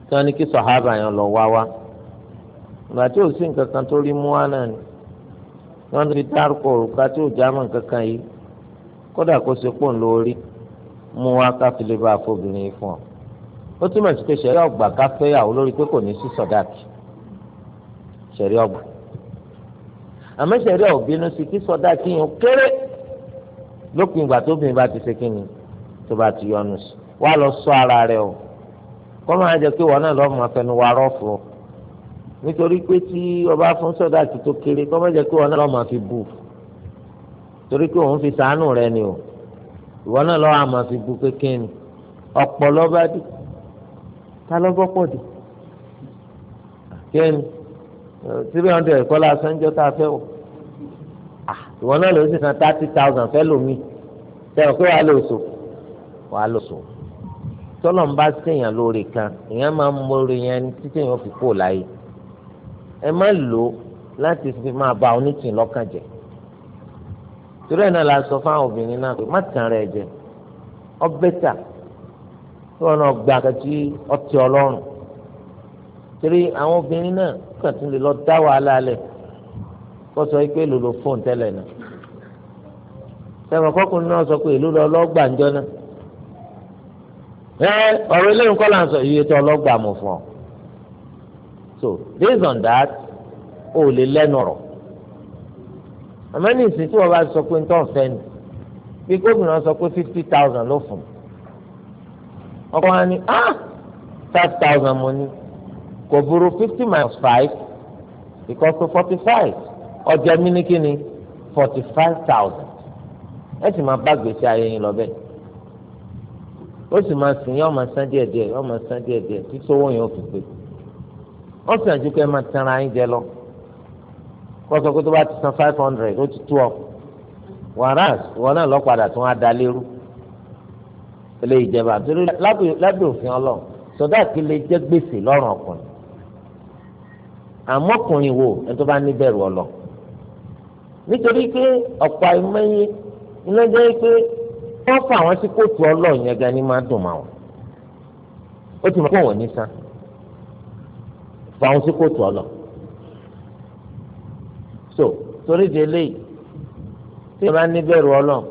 [SPEAKER 1] tí wọ́n ní kí sọ̀hábà yẹn lọ wá wá ìgbà tí ò sí nǹkan kan tó rí mú wá náà ni wọ́n ti dárúkọ òrùka tí ò já nǹkan kan yìí kódà kó mú wá bá fóbìnrin fún ó túmọ̀ sí pé sẹ̀rí ọgbà ká fẹ́yàwó lórí pé kò ní sí sọ̀dáàkì sẹ̀rí ọgbà àmọ́ sẹ̀rí ọ̀bínú sí kí sọ̀dáàkì yẹn kéré lópin ìgbà tóbìnrin bá ti ṣe kí ni tó bá ti yọnu sí wàá lọ sọ ara rẹ o kọ́ máa jẹ pé wọn náà lọ́ọ́ máa fẹnu wa rọ́ọ̀fù o nítorí pé tí ọba fún sọ̀dáàkì tó kéré kọ́ máa jẹ pé wọn náà lọ́ọ́ máa fi bù torí pé òun fi sàánù rẹ ni o ìwọ náà lọ́ọ́ àmọ́ fi bù kékeré ni ọ̀pọ̀ lọ́ba dùn ta ló gbọ́ pọ̀ jù kéènì three hundred kọ́ la sanjọ́ tá a fẹ́ wọ̀ ìwọ náà lè ó sì san thirty thousand fẹ́ lomi sẹ́wọ̀n pé wàá lò sò wàá lò sò tọ́lọ̀ ń bá séèyàn lóore kan èèyàn máa ń mórí yẹn títí èèyàn fi kó láyé ẹ má lò ó láti fi máa ba onítìyìn lọ́kàn jẹ́ torí ẹ̀ náà la sọ fáwọn obìnrin náà pé má tàn rẹ̀ jẹ ọ bẹ́tà tí wọn náà gba àkàtì ọtí ọlọ́run torí àwọn obìnrin náà kàn tún lè lọ dá wàhálà lẹ kó sọ pé èlò ló fóun tẹ́lẹ̀ náà sẹ́wọ̀n kọ́kùnrin náà sọ pé èlò lọ lọ́gbà ńjọ́ náà ẹ ọ̀rọ̀ eléyìí kọ́ là ń sọ iye tó ọlọ́gbà mọ̀ fún ọ so based on that o lè lẹ́nu ọ̀rọ̀ àmọ́ ní ìsìn tí wọ́n bá sọ pé ń tọ́ fẹ́ ni bí gómìnà sọ pé fifty thousand ló fún un ọkọ wa ni ah five thousand money ní kò burú fifty minus five because to forty five ọjà mi ni forty five thousand ẹ sì máa bá gbèsè ayé yín lọ bẹ́ẹ̀ ó sì máa sìn yín ọmọ san díẹ̀ díẹ̀ ọmọ san díẹ̀ díẹ̀ títí owó yẹn ó fi pé ó sàn ju kẹ́ máa tanra yín jẹ lọ kọ́sọ́ kó tó bá ti san five hundred ó ti tú ọ wàrà wọn náà lọ́ọ́ padà tún á da lérú ilé ìjẹba torí lábẹ́ òfin ọlọ́run sọdáàkì lè jẹ́ gbèsè lọ́rùn ọkùnrin àmọ́ ọkùnrin wo ẹni tó bá níbẹ̀rù ọlọ nítorí pé ọ̀pọ̀ àìmọye iná jẹ́ pé wọ́n fà wọ́n sí kóòtù ọlọ́run yẹn gan ni máa dùn máa wọn ó ti mọ̀ pé wọ́n ní fà wọ́n sí kóòtù ọlọ́ so torí de léyìí tí ìyẹn bá níbẹ̀rù ọlọ́run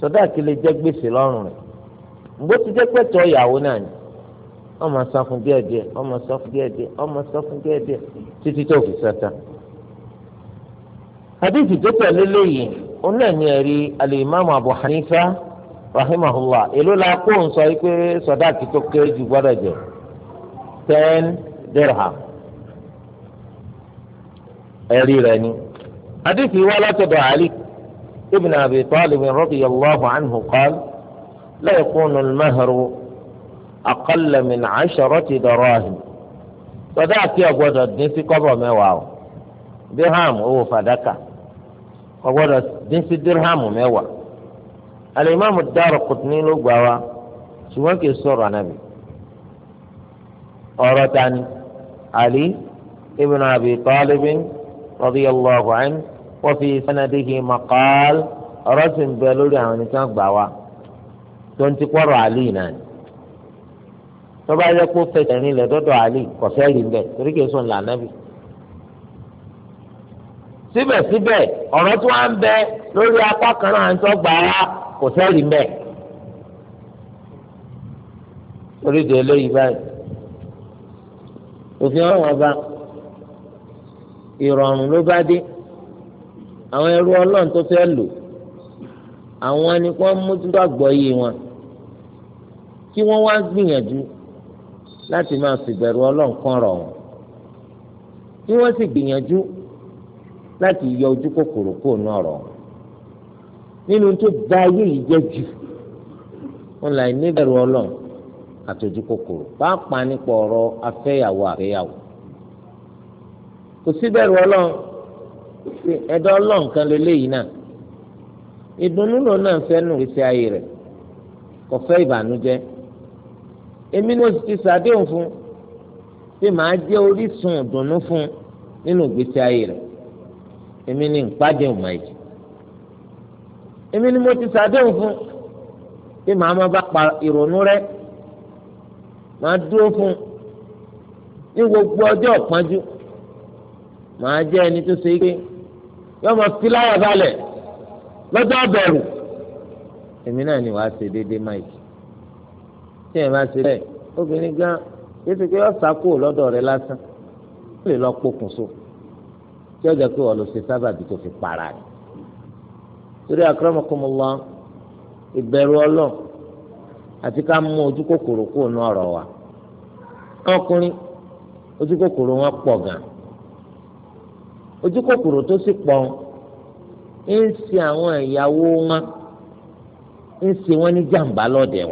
[SPEAKER 1] sọdáàkì lè jẹ́ gbèsè lọ́rùn rẹ̀ mgbe ti jẹ́ pẹ̀tọ́ ìyàwó náà ni wọ́n máa san fún díẹ̀ díẹ̀ wọ́n máa fún fún títí tó fi sẹ́ta. hadith tó tẹ̀lé léyìí ó náà ní ẹ̀rí alimami abu hanifa rahimahullah èló la kó ń sọ pé sọdáàkì tó kéré jù gbọ́dọ̀ jẹ́ ten dirham ẹ̀rí rẹ̀ ni. hadith látọ̀dọ̀ ali ibn abi talib لا يكون المهر أقل من عشرة دراهم فذاك يقول الدنس قبر مواو درهم هو فدكة قبر الدنس درهم مواو الإمام الدار قطني له قوى شو كي صور نبي أورتان علي ابن أبي طالب رضي الله عنه وفي سنده مقال رسم بلوري عن كان قوى tó ń ti kọ́rọ̀ àlì náà ni tọ́ba yẹ kó fẹsẹ̀ rìn lẹ̀ dọ́dọ̀ àlì kọ̀fẹ́ rí bẹ́ẹ̀ torí kìí sùn lànà bí. síbẹ̀síbẹ̀ ọ̀rọ̀ tí wọ́n ń bẹ lórí apá kan náà ń tọ́ gbàrà kọ̀fẹ́ rí bẹ́ẹ̀. torí de eléyìí báyìí òfin ọ̀hún ọba ìrọ̀rùn ló bá dé àwọn ẹrú ọlọ́run tó fẹ́ lò àwọn ẹni kó mójútó àgbọ̀yé wọn kí wọ́n wá gbìyànjú láti máa fìbẹ̀rù ọlọ́nkan rọ̀ wọ́n kí wọ́n sì gbìyànjú láti yọ ojú kòkòrò kó náà rọ̀ wọ́n nínú tó da ayé yìí jẹ́ jù wọn là ní bẹ̀rù ọlọ́run àtòjú kòkòrò pàápàá nípa ọ̀rọ̀ afẹ́yàwó àfẹ́yàwó kò sí bẹ̀rù ọlọ́run ẹ̀dọ́ ọlọ́run kan lélẹ́yìí náà ìdùnnú lòun náà fẹ́ nù ìṣe ayé rẹ̀ kò ìbànújẹ́ èmi náà ti ṣàdéhùn fún pé màá jẹ́ orísun ìdùnnú fún nínú ìgbésí ayé rẹ̀ èmi ni ìpàdéhùn máa jẹ èmi ni mo ti ṣàdéhùn fún pé màá má bá pa ìrònú rẹ̀ màá dúró fún ní gbogbo ọjọ́ ìpọ́njú màá jẹ́ ẹni tó ṣe é pé yọ máa fi láyà balẹ̀ lọ́jọ́ bẹ̀rù èmi náà ni wàá ṣe déédéé máa tí ẹ̀ máa ṣe bẹ́ẹ̀ obìnrin gan yéṣu pé ọ̀sà kúrò lọ́dọ̀ rẹ lásán ó lè lọ pokùnso tí ó jẹ́ pé wọ́n ṣe sábàbí tó fi para rẹ̀ torí ìbẹ̀rù àti ká mú ojú kòkòrò kúrò wa ọkùnrin ojú kòkòrò wọn pọ̀ gan ojú kòkòrò tó sì pọ̀ ń ṣe àwọn ìyàwó wọn ń wọn ní jàǹbá lọ́dẹ̀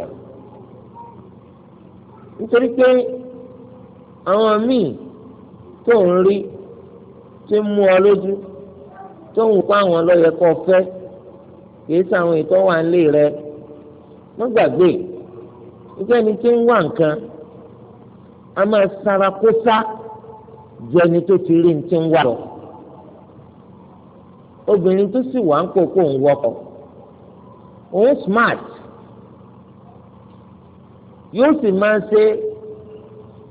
[SPEAKER 1] nítorí pé àwọn míì tó ń rí tí ń mú ọ lójú tó ń pa àwọn lọ́yẹ kọ́ fẹ́ kìí sàwọn ètò wà nílé rẹ wọ́n gbàgbé nígbà ẹni tí ń wá nǹkan a máa sara kó sá ju ẹni tó ti rí ní ti ń wá lọ obìnrin tó sì wà ń kókó ń wọkọ̀ òun smart yóò sì máa ṣe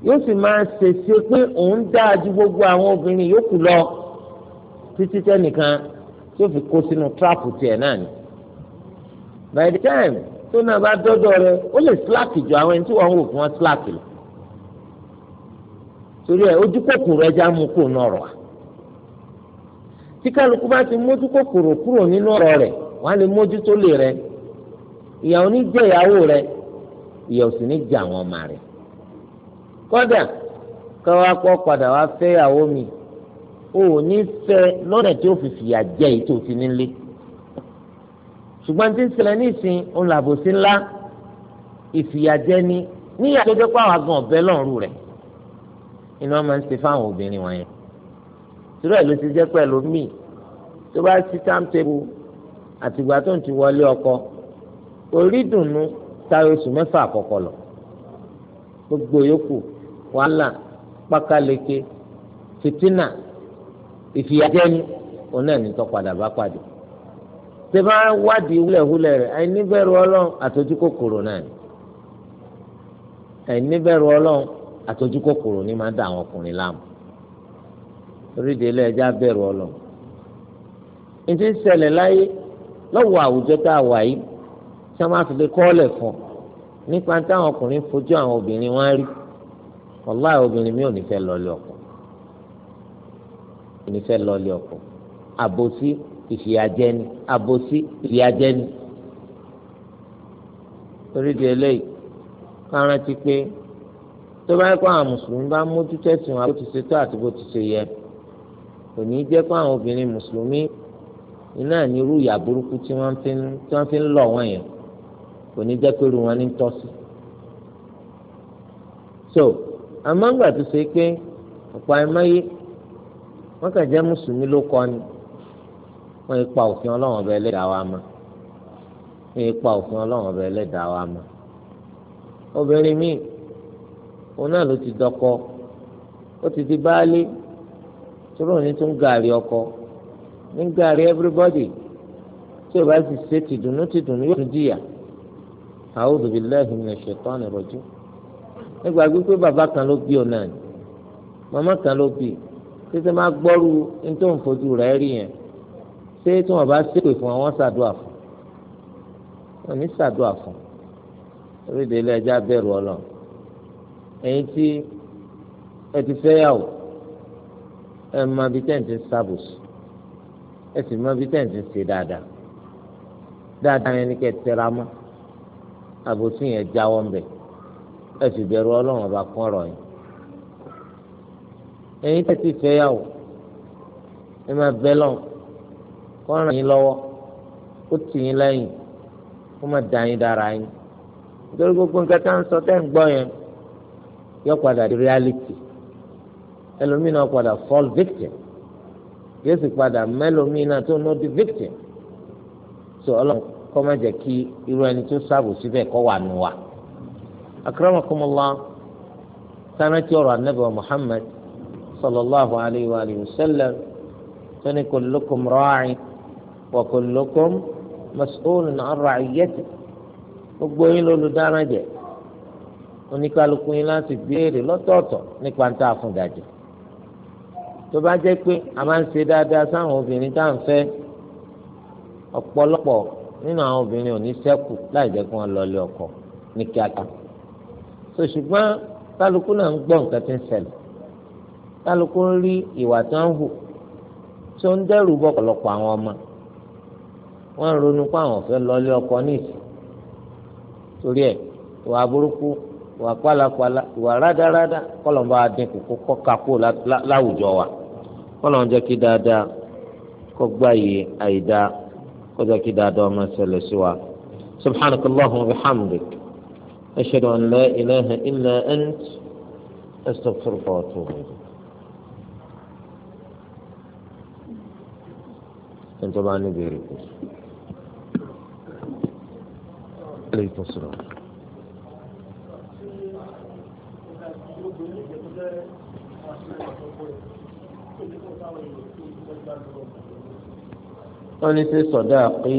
[SPEAKER 1] yóò sì máa ṣèṣe pé òun dáa ju gbogbo àwọn obìnrin yòókù lọ títí tẹnìkan tí ó fi kó sínú tíráàpù tiẹ̀ náà ni by the time tó náà bá dọ́dọ̀ rẹ ó lè síláàkì ju àwọn ẹni tí wọ́n ń wò fún wọn síláàkì lọ torí ẹ ojú kòkòrò ẹja mú kúrò nínú ọ̀rọ̀ wa tí kálukú bá ti mójú kòkòrò kúrò nínú ọ̀rọ̀ rẹ̀ wọ́n á lè mójú tó lè rẹ ìyàwó ní jẹ́ ìyàwó rẹ̀ ìyà òsì ní jà wọn mà rẹ̀ kódà káwá kọ́ padà wá fẹ́yàwó mi o ò ní fẹ́ lọ́nà tí ó fi fìyà jẹ èyí tó ti nílé ṣùgbọ́n tí ń ṣẹlẹ̀ nísìn òun làbòsí ńlá ìfìyàjẹni níyà tó dé pàwọn agan ọ̀bẹ lọ́rùn rẹ̀ inú wọn máa ń ṣe fáwọn obìnrin wọn yẹn tìrọ̀ ló ti jẹ́ pẹ̀lú míì tó bá sí táǹtẹ̀bù àtìgbà tó ń ti wọlé ọkọ orí dùnnú táyọ̀ oṣù mẹ́fà àkọ́kọ́ lọ gbogbo yòókù wàhálà pákáleke fìtínà ìfìyàjẹni òun náà ní bá pàdé tẹ bá wádìí wúlẹ̀wúlẹ̀ rẹ̀ àìníbẹ̀rù ọlọ́run àtọ́jú náà ni àìníbẹ̀rù ọlọ́run àtọ́jú kòkòrò máa ń dà àwọn ọkùnrin láàmú orídìí abẹ́rù ọlọ́run ń ṣẹlẹ̀ láyé lọ́wọ́ àwùjọ tá a wà yìí tí wọ́n máa fi lè kọ́ọ̀lẹ̀ fún nípa táwọn ọkùnrin fojú àwọn obìnrin wọn rí wàláì obìnrin mi ò ní fẹ́ lọ́ọ́lẹ̀ ọkọ ò ní fẹ́ lọ́ọ́lẹ̀ ọkọ àbòsí ìfìyàjẹni àbòsí ìfìyàjẹni torí di eléyìí kárántí pé tó bá yẹ kó àwọn mùsùlùmí bá mójútó ẹ̀sìn wọn bó ti ṣe tó àti bó ti ṣe yẹ kò ní jẹ́ kó àwọn obìnrin mùsùlùmí iná ní irú ìyà burúkú tí wọ́n fi ń lọ̀ wọ́n yẹn kò ní jẹ́ pé wọn ní tọ́sí. so àmọ́ ńgbà tó ṣe pé ọ̀pọ̀ àìmọye wọ́n kàn jẹ́ mùsùlùmí ló kọ́ ni wọ́n ipa òfin ọlọ́run ọba ẹlẹ́dàá wa mọ́ wọ́n ipa òfin ọlọ́run ọba ẹlẹ́dàá wa mọ́ obìnrin míì òun náà ló ti dọkọ ó ti di baálé tóró ní tún gàrí ọkọ ní gàrí everybody tí o bá ti ṣe tìdùnnú tìdùnnú yóò tún jìyà a'udhu billahi minash shaitanir rajim ẹ gbàgbé pé bàbá kan ló bí ọ náà ni màmá kan ló bí títí máa gbọ́rú nítorí òun fojú rẹ̀ rí yẹn ṣé tí wọ́n bá ṣépè fún wọn ṣàdúà fún wọn ní ṣàdúà fún orílẹ̀ èdè ẹja bẹ̀rù ọlọ́run ẹ̀yin tí ẹ ti fẹ́ yàwó ẹ mọ ibi tẹ́ǹtì ń ẹ sì mọ ibi tẹ́ǹtì ṣe dáadáa dáadáa yẹn ni kẹ́ ẹ tẹra mọ́ àbòsí yẹn jáwọ́ ń bẹ̀ ẹ sì bẹ̀rù ọlọ́run ọba kún ọ̀rọ̀ yẹn. ẹ̀yin tẹ́ ti fẹ́ yàwó ẹ máa bẹ́ lọ́n kó ràn yín lọ́wọ́ kó tì yín lẹ́yìn kó má da yín dára yín nítorí gbogbo nǹkan tá à ń sọ tẹ́ ń gbọ́ yẹn yọ padà di reality ẹlòmínà padà fall victim yóò sì padà mẹ́lòmínà tó ná di victim so ọlọ́run kọ́ má jẹ́ kí irú ẹni tó sáàbò síbẹ̀ kọ́ wà nù wa. akramakumullah sanni tí ọ̀rọ̀ anabi wa muhammad sallallahu alayhi wa sallam tóní kullukum ra'i wa kullukum mas'ulun an ra'iyyati gbogbo yín lólùdáná jẹ oníkálukú yín láti béèrè lọ́tọ̀ọ̀tọ̀ nípa ń tà fún tó bá jẹ́ pé a máa ń ṣe dáadáa sáwọn obìnrin tá fẹ́ ọ̀pọ̀lọpọ̀ nínú àwọn obìnrin ò ní sẹ́kù láì jẹ́ kí wọ́n lọ ilé ọkọ ní kíákíá so ṣùgbọ́n kálukú náà ń gbọ́ nǹkan tí ń ṣẹlẹ̀ kálukú ń rí ìwà tó ń hù tó ń dẹ́rù bọ́ ọ̀pọ̀lọpọ̀ àwọn ọmọ wọ́n ń ronú pé àwọn fẹ́ lọ ilé ọkọ ní ìsìn torí ẹ̀ ìwà burúkú ìwà pálapàla ìwà rádaràda kọ́lọ́mbà dínkù kó kọ́ka kó láwùjọ wa kọ́lọ́n kọjá kí dáadáa ọmọ ṣẹlẹ̀ sí wa subhanak allahumma wa bihamdik ashhadu an la ilaha illa ant astaghfiruka wa atubu ilayk. ẹnitọ́ bá ní bèrè kù. aleykum salaam. Thank you. wọ́n ní ṣe sọ̀dá pé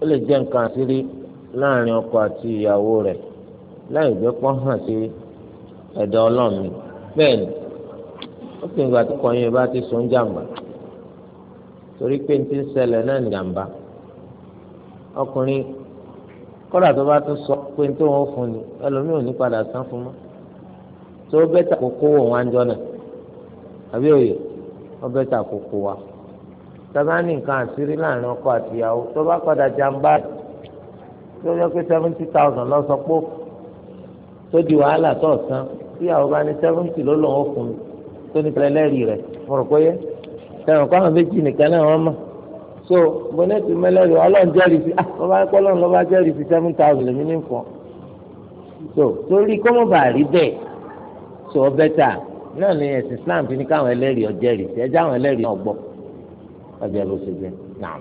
[SPEAKER 1] ó lè jẹ́ nǹkan àṣírí láàrin ọkọ àti ìyàwó rẹ̀ láì jẹ́ pọ́n hàn sí ẹ̀dá ọlọ́run bẹ́ẹ̀ ni ó sì ń gbà tó ti sùn jàǹbá torí pé ní ti ń ṣẹlẹ̀ náà ní jàǹbá ọkùnrin kọ́dà tó bá sọ pé ní tó wọ́n fún ni ẹlòmíì ò ní padà fún mọ́ tó bẹ́tà kókó wọ̀ jọ tọ́ba ní nǹkan àṣírí láàrin ọkọ àtìyàwó tọ́ba padà jàǹbá tó yẹ pé seventy thousand lọ sọ pé tó di wàhálà tó san tíyàwó bá ní seventy ló lọ́wọ́ fún mi tó ní pẹlẹ́rì rẹ̀ fọ̀rọ̀ pé yẹ tẹ̀wọ̀n kọ́ àwọn méjì nìkan náà wọ́n mọ̀ so bọ́nẹ́tì mẹ́lẹ́rì ọlọ́run jẹ́rìí sí ọba ah, kọ́lọ́run lọ́ba jẹ́rìí sí seven thousand lèmi ní fọ́ so torí kọ́mọ́bà rí bẹ́ẹ̀ so ọbẹ̀ ta náà ni ẹ̀sìn Islam fi ní káwọn ẹlẹ́rìí ọjẹ́rìí ẹjẹ́ àwọn ẹlẹ́rìí náà gbọ́ ọjà ló ṣe jẹ naam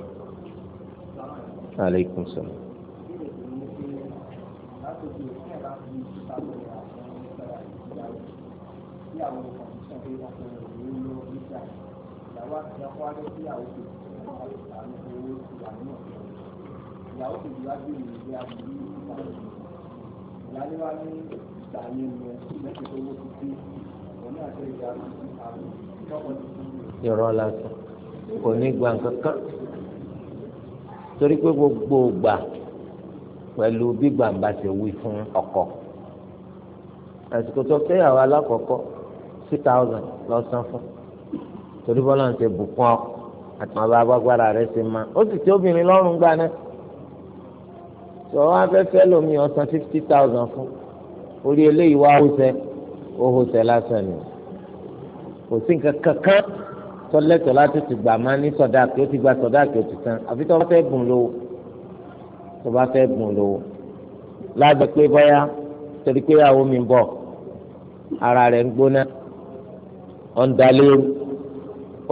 [SPEAKER 1] aleykum salaam. ìyàwó kò ní gba nǹkan kan torí pé gbogbo gbà pẹ̀lú bí gbàǹbà ṣe wí fún ọkọ àsìkò tó fẹ́yàwó alákọ̀ọ́kọ́ six thousand lọ́sàn fún torí bọ́lá ń ṣe bùkún ọ àtàwọn bá agbára rẹ̀ ṣe máa ó sì tí obìnrin lọ́rùn gbà náà sọ wá fẹ́fẹ́ lomi ọ̀sán fifty thousand fún orí eléyìí wá hóṣẹ́ ó hóṣẹ́ lásán ni kò sí nǹkan kankan tọ́lẹ́tọ̀ láti ti gbà máa ní sọ̀dáàkì ó ti gba sọ̀dáàkì ó ti tán àfi tó bá fẹ́ bùn lówó tó bá fẹ́ bùn lówó lájọ pé bọ́yá torí pé àwọn mi ń bọ̀ ara rẹ̀ ń gbóná ó ń dalérú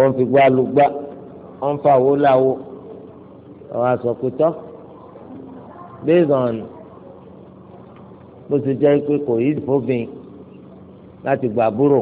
[SPEAKER 1] ó ń fi gbá lu gbá ó ń fa owó láwo àwọn àsọkútọ́ based on bó ti jẹ́ pé kò yí ìfòbìn láti gbà búrò.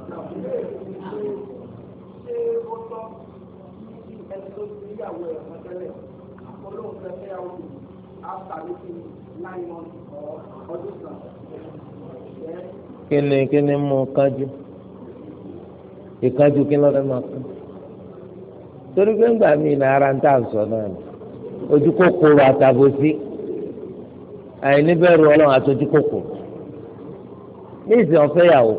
[SPEAKER 2] níyàwó ẹ̀ kan tẹ́lẹ̀ ọlọ́run fẹ́ fẹ́ yàwó mi áfà ní kí nine months ọdún kan.
[SPEAKER 1] kíni kíni mú kájú ìkájú kí lọ́dọ̀ máa kú torí pé ńgbà míì náà ara ń tà sọ náà ni ojú kòkòrò àtàbòsí àìníbẹ̀rù ọlọ́run àtọ́jú kòkòrò ní ìsìn ọ̀fẹ́ yàwó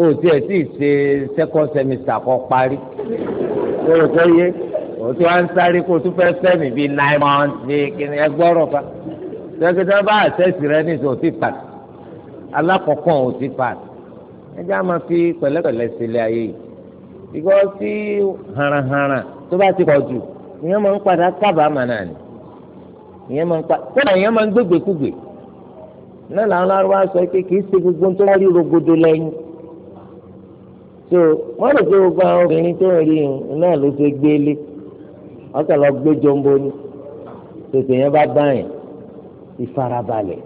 [SPEAKER 1] o tiẹ̀ sì ṣe second semester kọ́ parí lórí kò yé òtún wá ń sáré kó tún fẹ́ sẹ́mi bíi nine months bíi kíni ẹgbọ́rọ̀ fa sẹ́kítà bá àṣẹ́sì rẹ ní ìsòtí pàt alákọ̀ọ́kọ́ òtí pàt ẹjẹ́ á máa fi pẹ̀lẹ́pẹ̀lẹ́ sílé ayé yìí ìgbọ́ sí haranhara tó bá ti pọ̀ jù ìyẹn máa ń padà kábàámà náà ni ìyẹn máa ń pa kódà ìyẹn máa ń gbégbé kúgbé náà làwọn arúgbó aṣọ kékeré ṣe gbogbo nítorí rogodo lẹ́yìn so wọ́n rò pé gbogbo àwọn obìnrin tó ń rí yìí náà ló ṣe gbé lé ọkàn lọ gbé jombo ni tètè yẹn bá bá yẹn ìfarabalẹ̀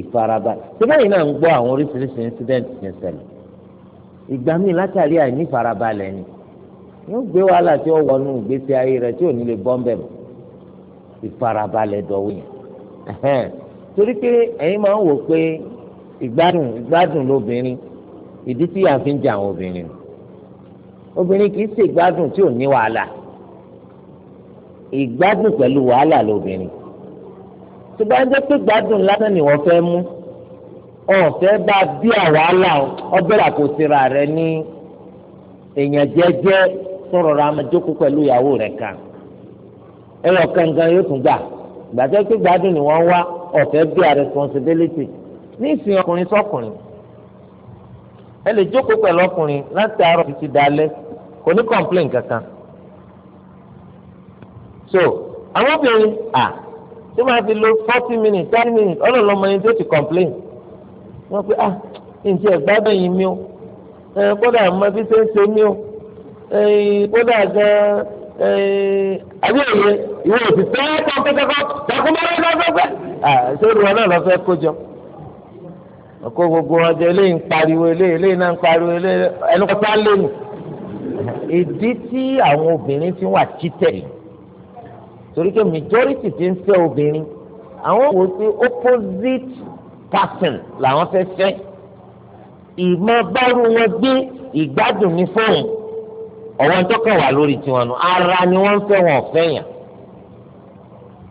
[SPEAKER 1] ìfarabalẹ̀ síbẹ̀ yìí náà ń gbọ́ àwọn oríṣiríṣi incident yẹn ṣẹlẹ̀ ìgbà míì látàrí àìní ìfarabalẹ̀ ni yóò gbé wàhálà tí ó wọnú ìgbésí ayé rẹ tí ò ní lè bọ́m̀bẹ̀ mọ́ ìfarabalẹ̀ dọ̀wọ́ yẹn torí pé ẹ̀yin máa ń wò pé ìgbádùn ìgbádùn lóbìnrin ìdí tí yà fi ń jẹ àwọn obìnrin obìnrin kì í ṣe ìgbádùn tí ò ní wàhálà ìgbádùn pẹ̀lú wàhálà lóbìnrin tó bá ń jẹ́ pé ìgbádùn lásán ni wọ́n fẹ́ mú ọ̀fẹ́ bá bí àwàhálà ọbẹ̀rẹ̀ àkóṣera rẹ ní èèyàn jẹ́jẹ́ sọ̀rọ̀ ra máa jókòó pẹ̀lú ìyàwó rẹ̀ kan ẹ̀rọ kankan yóò tún gbà gbàtẹ́ pé ìgbádùn ni wọ́n wá ọ̀fẹ́ bí a responsibility ní ìsìn ọkùnrin sọ́kùnrin ẹ lè jókòó pẹ̀lú ọkùnrin láti àárọ̀ títí dalẹ́ kò ní complain kankan so àwọn obìnrin à tí wọ́n fi lo forty minutes thirty minutes ọlọ́lọ́mọ yẹn tó ti complain wọ́n pe ah ǹjẹ́ ìgbádùn yìí mi o kódà mọ bí ṣe ń ṣe mí o kódà gan-an àbí òye ìwé òsì
[SPEAKER 2] tẹ́lẹ̀ kan pẹ́ẹ́pẹ́ẹ́ kan dàkúmọ́rẹ́ lọ́fẹ́fẹ́.
[SPEAKER 1] ṣé ìrùwọ̀n náà lọ fẹ́ kó jọ ọkọ gbogbo ọjọ eléyìí ń pariwo eléyìí eléyìí náà ń pariwo eléyìí ẹnu kọta lẹ́nu ìdí tí àwọn obìnrin ti wà títẹ̀ torí pé majority ti ń fẹ́ obìnrin àwọn wò sí opposite person làwọn fẹ́ fẹ́ ìmọ̀ bárò wọn gbé ìgbádùn ní fóun ọ̀wọ́n tọ́kàn wà lórí tiwọn nù ara ni wọ́n ń fẹ́ wọn ọ̀fẹ́ yàn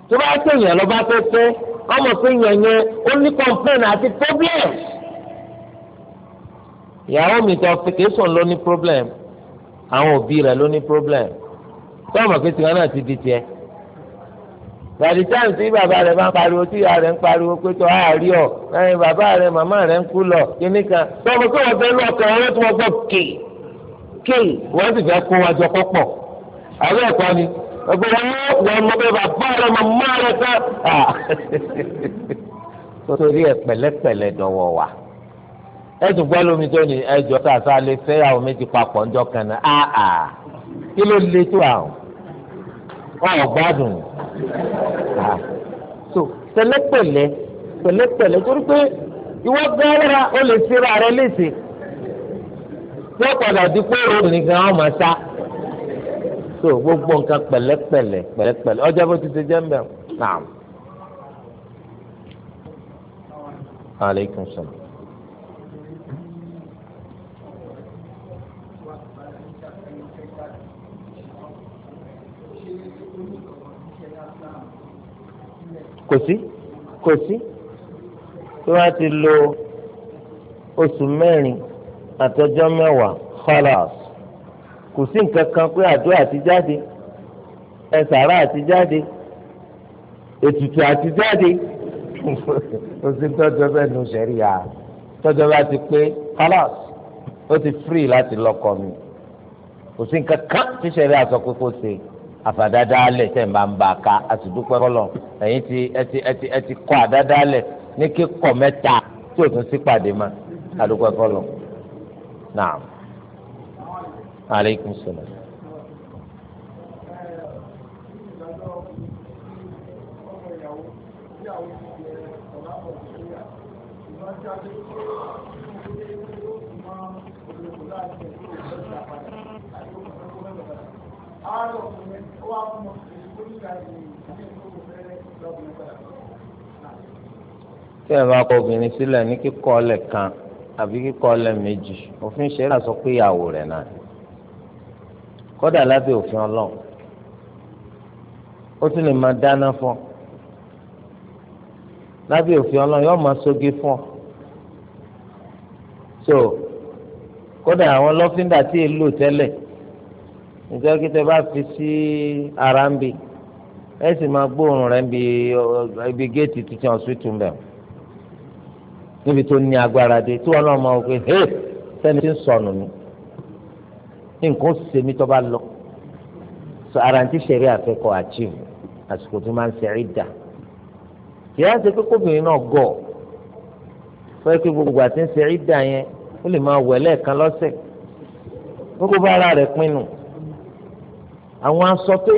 [SPEAKER 1] tó bá tẹ̀yàn lọ́ba fẹ́ fẹ́ ọmọ pé yẹnyẹn ó ní complain àti problem ìyàwó mi tó fi kéésùn ló ní problem àwọn òbí rẹ̀ ló ní problem tó ọmọ pé tiwọn náà ti di tiẹ̀ gbàdí táǹsì bàbá rẹ̀ bá ń pariwo tí ìyá rẹ̀ ń pariwo pé tó a rí ọ ẹ̀yìn bàbá rẹ̀ màmá rẹ̀ ń kú lọ kíní kan
[SPEAKER 2] tó ọmọ pé wọ́n fẹ́ lọ ọkàn wọn tí wọ́n gbọ́ gbogbo wọn mọ bẹ bàbá rẹ màmá rẹ ká.
[SPEAKER 1] torí ẹ pẹ̀lẹ́pẹ̀lẹ́ dọ̀wọ̀ wa ẹtù gbọ́ lómi tó ní ẹjọ́ tá a sá lè fẹ́ àwọn méjì papọ̀ ńjọ́ kan náà áà kí ló lè tó àwọn ọ̀ gbádùn so pẹ̀lẹ́pẹ̀lẹ́ pẹ̀lẹ́pẹ̀lẹ́ torí pé ìwọ gbẹ́rẹ́ o lè ṣe ra rẹ léṣe tí ó padà di pé nìkan ọmọ sá so gbogbo nǹkan pẹ̀lẹ́pẹ̀lẹ́ pẹ̀lẹ́pẹ̀lẹ́ ọjọ́ bó ti ṣe jẹ́ mbẹ́ naam. aleykum salaam. kò sí kò tí wọ́n ti lò oṣù mẹ́rin àtọjọ́ mẹ́wàá khalas kò sí nǹkan kan pé àdó àti jáde ẹsàrà àti jáde ètùtù àti jáde kò sí tọ́jọ́ bẹ́ẹ̀ nu sẹ́ríà tọ́jọ́ bá ti pé kálọ́s ó ti fírì láti lọ́kọ mi kò sí nǹkan kan tí sẹ́ríà sọ pé kó ṣe àfàdádálẹ̀ tẹ̀ máa ń bà ká àtìdúpẹ́ kọ́lọ̀ ẹ̀yìn ti ẹti ẹti ẹti kọ́ àdádálẹ̀ ní kíkọ́ mẹ́ta tí ò tún sí pàdé mọ́ àdúpẹ́ kọ́lọ̀ náà aleykum salaam. tí ẹ bá kọ obìnrin sílẹ̀ ní kíkọ́ ọlẹ̀ kan àbí kíkọ́ ọlẹ̀ méjì òfin ṣẹlẹ̀ sọ pé ìyàwó rẹ̀ náà kọ́dà lábẹ́ òfin ọlọ́run ó tún lè máa dáná fún ọ lábẹ́ òfin ọlọ́run yóò máa soge fún ọ so kódà àwọn lọ́fíńdà tí èlò tẹ́lẹ̀ nítorí kí tẹ bá fi sí ara ń bi ẹ sì máa gbóòórùn rẹ̀ níbi ibi géètì tuntun ọ̀sùtù mbẹ̀ níbi tó ní agbára dé tí wọn náà máa wọ pé hé sẹ́ni tí ń sọnù ni nǹkan ṣe mi tó bá lọ sọ ara ti ṣẹ̀rí àfẹ́kọ̀ àchíìmù àsìkò tó máa ń ṣẹ̀rí dà kì í á ṣe pé kóbìnrin náà gọ̀ fẹ́ kí gbogbo àti ń ṣẹ̀rí dà yẹn ó lè máa wẹ̀ lẹ́ẹ̀kan lọ́sẹ̀ gbogbo bá ara rẹ̀ pinnu àwọn aṣọ pé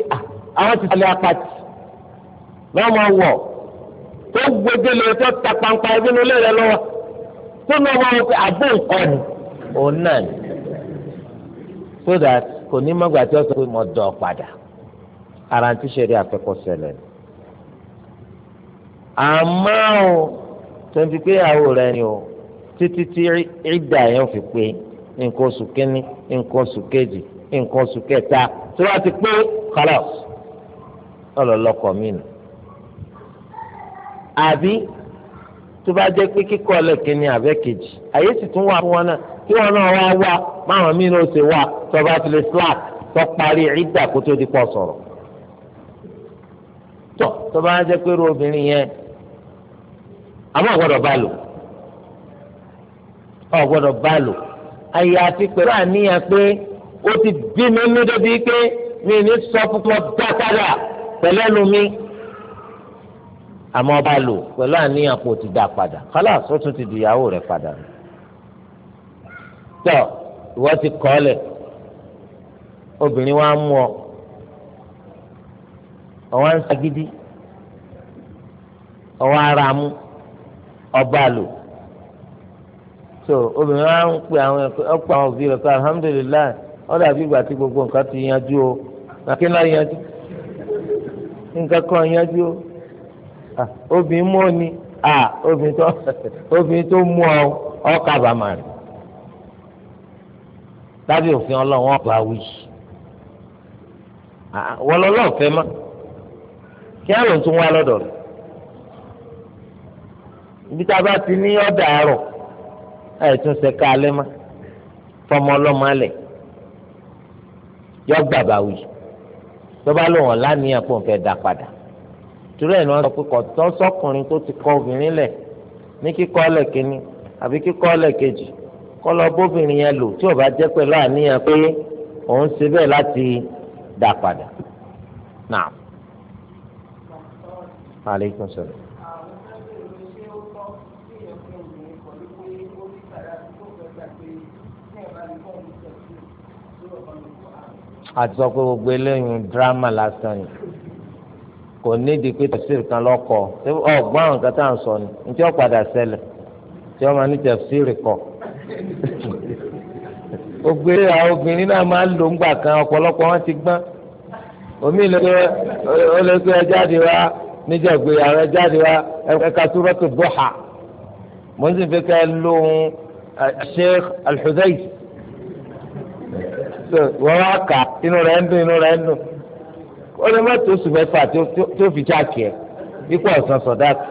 [SPEAKER 1] àwọn ti sàlẹ̀ apàtì lọ́wọ́ máa wọ̀ tó gbẹgbẹlẹ tó ta pàǹpà ẹbí nílé rẹ lọ́wọ́ tó náà máa wọ pé àbó nǹkan ni òun náà ni so that kò ní mọ́gbà tí ó sọ pé mo dọ̀ ọ́ padà ara ti ṣe rí àfẹ́kọ̀ sẹlẹ̀ àmọ́ o tó ń fi pé ìyàwó rẹ ni o títí tí ìdá yẹn fi pé nǹkan oṣù kínní nǹkan oṣù kejì nǹkan oṣù kẹta tí wọ́n ti pé kọ́lọ́s ọlọ́lọ́kọ̀ mí nù. àbí tó bá jẹ́ pé kíkọ́ ọlẹ́kìnní àbẹ́kejì àyè sì tún wà fún wọn náà kí wọn náà wá wá máwọn míì náà ṣe wá tó bá ti lè slack tó parí ìdá kó tó di pọ̀ sọ̀rọ̀ tó tó bá pé irú obìnrin yẹn àmọ́ ọ̀gbọ́dọ̀ bá lò ọ̀gbọ́dọ̀ bá lò àyàfi pẹ̀lú àníyàn pé ó ti bí mi ní débi pé mi ní sọ fúnpọ̀ dákàdà pẹ̀lẹ́nu mi àmọ́ ọba lò pẹ̀lú àníyàn kò ti dà padà kọ́lá ó tún ti dìyàwó rẹ̀ padà tọ́ ìwọ ti kọ́ lẹ̀ obìnrin wa mú ọ ọwọ́ ń sagídí ọwọ́ ara mú ọba lò so obìnrin wa ń pè àwọn ọ̀pọ̀ àwọn òbí rẹ̀ pé alhamdulilayi ó dàbí ìgbà tí gbogbo nǹkan ti yanjú o nǹkan kan yanjú o. Ah, obìnrin mú ni ah, obìnrin tó obìnrin tó mú ọ ọ kábàámà rẹ lábẹ́ òfin ọlọ́run ọba wí ah, wọ́n lọ́lọ́ọ̀ fẹ́ mọ́ kí á lò tún wá lọ́dọ̀ rẹ̀ ibi tá a bá ti ní ọ̀dà àárọ̀ àìtún ṣẹ̀ka alẹ́ mọ́ fọmọ ọlọ́mọ alẹ̀ yọ gbàgbà wí tó bá lò wọ́n lánìyàn pọ̀ ń fẹ́ dá padà. torí ẹ̀ ni wọ́n sọ pé kọ̀tọ́ sọkùnrin tó ti kọ obìnrin lẹ̀ ní kíkọ́ àbí kíkọ́ kejì kọ́ lọ bóbìnrin yẹn lò tí ò bá jẹ́ pẹ̀lú àníyàn pé òun ṣe bẹ́ẹ̀ láti dà padà. kò nídìí pé tafsir kan lọ́kọ̀ ọ̀gbọ́n àwọn kan tá à ń sọ ni ntí ó padà ṣẹlẹ̀ tí wọ́n máa ní tafsir kọ̀. gbogbo àwọn obìnrin náà máa ń lò ń gbà kan ọ̀pọ̀lọpọ̀ wọn ti gbọ́n omi olóògbé ẹ jáde wá níjà ìgbéyàwó ẹ jáde wá ẹ̀ka túrọ́tù bọ́hà mo ń sì fi ká ẹ lóhun Sheikh Al-Hudayy wọ́n wá kà inú rẹ̀ ń dùn inú rẹ̀ ń dùn ó lè má tó oṣù mẹ́fà tó fi jáàkì ẹ̀ ipò ọ̀sán sọ̀dáàkì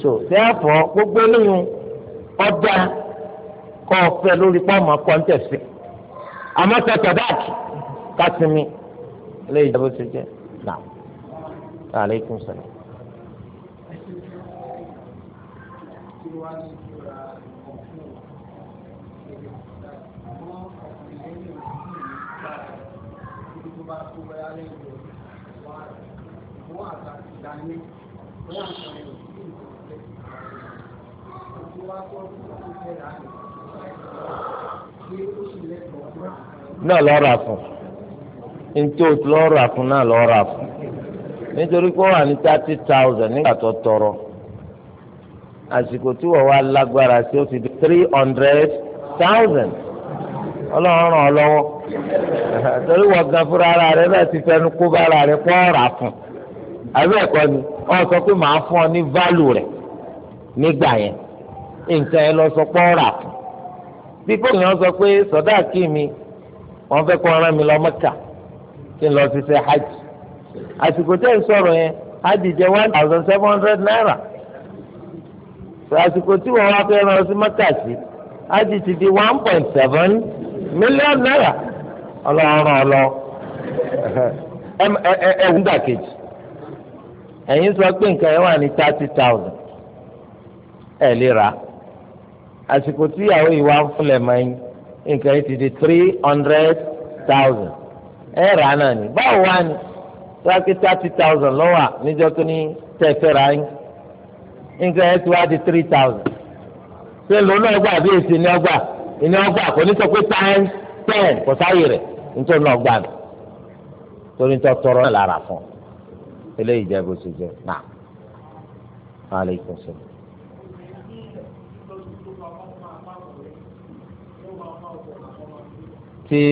[SPEAKER 1] so therefore gbogbo eléyìí ọjà kọ́ ọ̀fẹ́ lórí pàmò kọ́ńtẹ̀sì àmọ́ tẹ sọ̀dáàkì kásìmí eléyìí jẹ́ bó ṣe jẹ́ náà aleykum salaam.
[SPEAKER 2] Thank you wọ́n àtàkì ìdáyé wọ́n àtàkì
[SPEAKER 1] náà lọ rà fún ntí o lọ rà fún náà lọ rà fún nítorí pé ó wà ní thirty thousand nígbà tó tọrọ àsìkò tí wọ́n wá lágbára sí o ti di three hundred thousand ọlọ́run ràn ọ́ lọ́wọ́ torí wọ́n gan fúnra rẹ̀ náà ti fẹnu kó bára rẹ̀ kó ọ̀rà fún àbẹ́ ẹ̀kọ́ ni wọ́n sọ pé màá fún ọ ní válù rẹ̀ nígbà yẹn nǹkan yẹn lọ sọ pé ọ̀rà fún bí pọ́ùn yẹn sọ pé mi wọ́n fẹ́ mi lọ kí n lọ ṣiṣẹ́ hajj àsìkò tẹ́ ń sọ̀rọ̀ yẹn hajj jẹ́ one thousand seven hundred naira àsìkò tí wọ́n wá fẹ́ sí one point seven million naira ọlọ́run ọlọ́ ẹ̀yin sọ pé nǹkan yẹn wà ní thirty thousand ẹ̀ lè rà àsìkò tí ìyàwó yìí wá ń fúnlẹ̀ mọ́ ẹ̀yin nǹkan yìí ti di three hundred thousand ẹ̀ rà náà ni báwo wá ni thirty thousand lọ́wọ́ níjọ́ tó ní tẹ̀fẹ́ ra yín nǹkan yẹn ti wá di three thousand ṣé lòun náà gbà bí èsì ni ọgbà ìní ọgbà kò ní sọ pé times ten kò sáyè rẹ̀ nítorí náà gbà mí torí nítorí tọrọ náà lára fún un eléyìí jẹ́ bó ṣe jẹ́ náà aleykum salaam. tí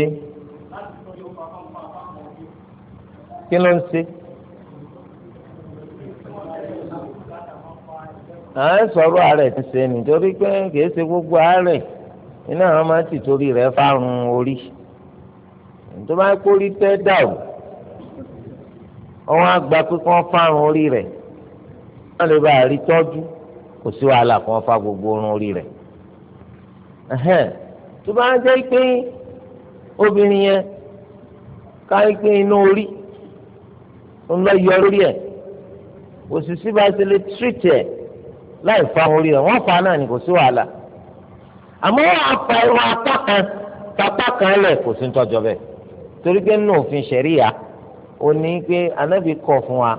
[SPEAKER 1] kí ló ń ṣe. à ń sọ̀rọ̀ àárẹ̀ ti ṣe nítorí pé kìí ṣe gbogbo àárẹ̀ iná àwọn máa ti torí rẹ̀ fárun orí tó bá kórí tẹ́ dà o wọn á gba pé kí wọn fárun orí rẹ̀ wọn lè bá a rí tọ́jú kò sí wàhálà kí wọn fá gbogbo irun orí rẹ̀ tó bá jẹ́ pé obìnrin yẹn ká pé inú orí ń lọ yọ lórí ẹ̀ kò sì sí bá ṣe lè tírìtì ẹ̀ láì fa orí rẹ̀ wọ́n fa náà ni kò sí wàhálà àmọ́ wọ́n á fa apá kan tapá kan lẹ̀ kò sí ń tọ́jọ́ bẹ́ẹ̀ torí pé nínú òfin ṣẹ̀ríyà ó ní pé anábì kọ̀ fún wa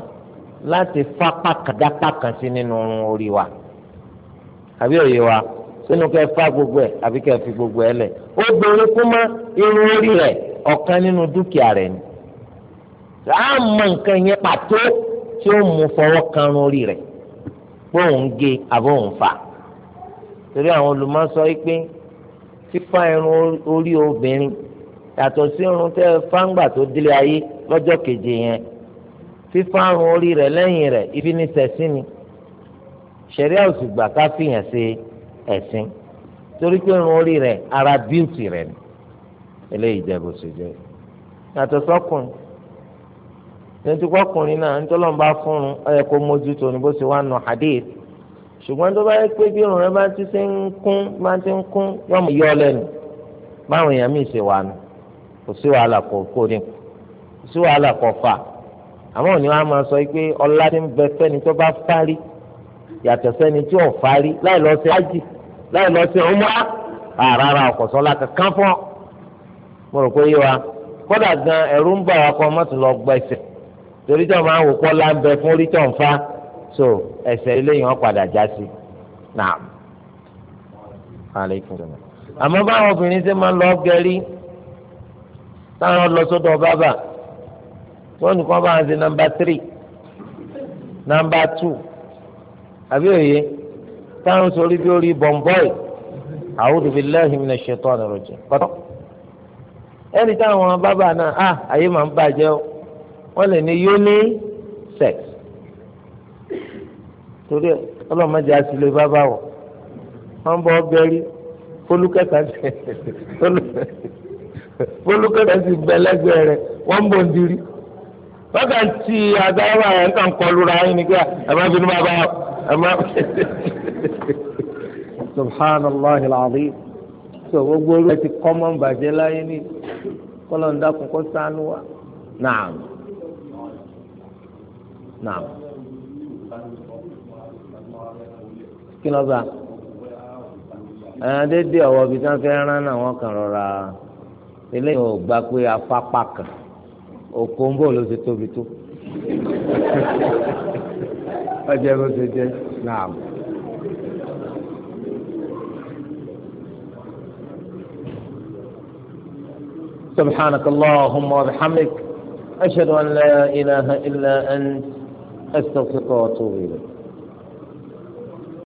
[SPEAKER 1] láti fa pàkàdápà kan sí nínú orí wa àbí òye wa sínú kẹ fa gbogbo ẹ àbí kẹ fi gbogbo ẹ lẹ ó gbèrú kú mọ
[SPEAKER 2] irun orí rẹ
[SPEAKER 1] ọ̀kan nínú dúkìá rẹ ni àá mọ nǹkan yẹn pàtó tí ó mú fọwọ́ kan orí rẹ pé òun gé àbí òun fà torí àwọn olùmọ̀ sọ pé fífa irun orí obìnrin yàtọ̀ sí irun tẹ́ fáńgbà tó délé ayé lọ́jọ́ keje yẹn fífárun orí rẹ̀ lẹ́yìn rẹ̀ ibi ní sẹ̀sìn ni ṣẹ̀ríà ò sì gbà ká fìyàn ṣe ẹ̀sìn torí pé irun orí rẹ̀ ara bíùtì rẹ̀ ni eléyìí jẹ́ bó ṣe jẹ́ yàtọ̀ sọ́kùnrin tẹ̀síkọ́kùnrin náà ńtọ́lọ́n bá fún un ẹ kó mójútó ni bó ṣe wá nù hadith ṣùgbọ́n tó bá yẹ pé bí irun rẹ̀ bá ti ń kún bá ti ń kún yọ̀ọ́ yọ lẹ́nu báwọn èèyàn míì ṣe wà nù kò sí wàhálà kò kó nípò kò sí wàhálà kò fà àmọ́ òní wa máa sọ pé ọlá ní bẹ fẹ́ni tó bá fárí yàtọ̀ sẹ́ni tí ò fárí láì lọ sí ájì láì lọ sí ọmọ àràrà ọ̀kọ̀sọ́lá kankan fún ọ mo rò pé yé wa kódà gan ẹ̀rú ń bà wá kọ́ mọ́tò lọ gbọ́ ẹsẹ̀ torí tí wọ́n máa ń wò kọ́ láńbẹ fún orí tó fa so ẹsẹ̀ eléyìí wọ́n padà já sí náà. àmọ́ báwọn obìnrin ṣe máa ń lọ gẹrí táwọn lọ sọ́dọ̀ bábà wọn nìkan bá ń ṣe nàmbà tírì nàmbà tù àbí òye táwọn sọrí bí orí bọ̀m̀bọ́ì a'udhu billahi minash shaitani rajim pátá ẹni táwọn bábà náà a ah, àyè máa ń bàjẹ́ o wọ́n lè ní yóní sex torí ọlọ́mọdé àtìlẹ́ bábà wọ̀ wọ́n bọ́ bẹ́rí fólúkẹ́ta tẹ̀ fólúkẹ́ta olùkọ́rẹ́ sì bẹ lẹ́gbẹ̀ẹ́ rẹ̀ wọ́n ń bọ̀ ń dirí bákan tí adáwà yẹn kàn kọlu ra yín nígbà ẹ̀ma bínú bàbá ẹ̀ma. subhanallah alazim so gbogbo olú ẹ ti kọ́ mọ́ bàjẹ́ láyé ní kọ́lọ́ ń dákun kó sánú wa. naam naam kí ló bá ẹ̀ dédé ọ̀wọ́ bíi sáfẹ́ rán náà wọ́n kàn rọra eléyìí ò gba pé afápá kan òkò ń bò ló ti tóbi tó ọjọ́ ló ti jẹ́ náà. سبحانك اللهم وبحمدك أشهد أن لا إله إلا أنت أستغفرك وأتوب إليك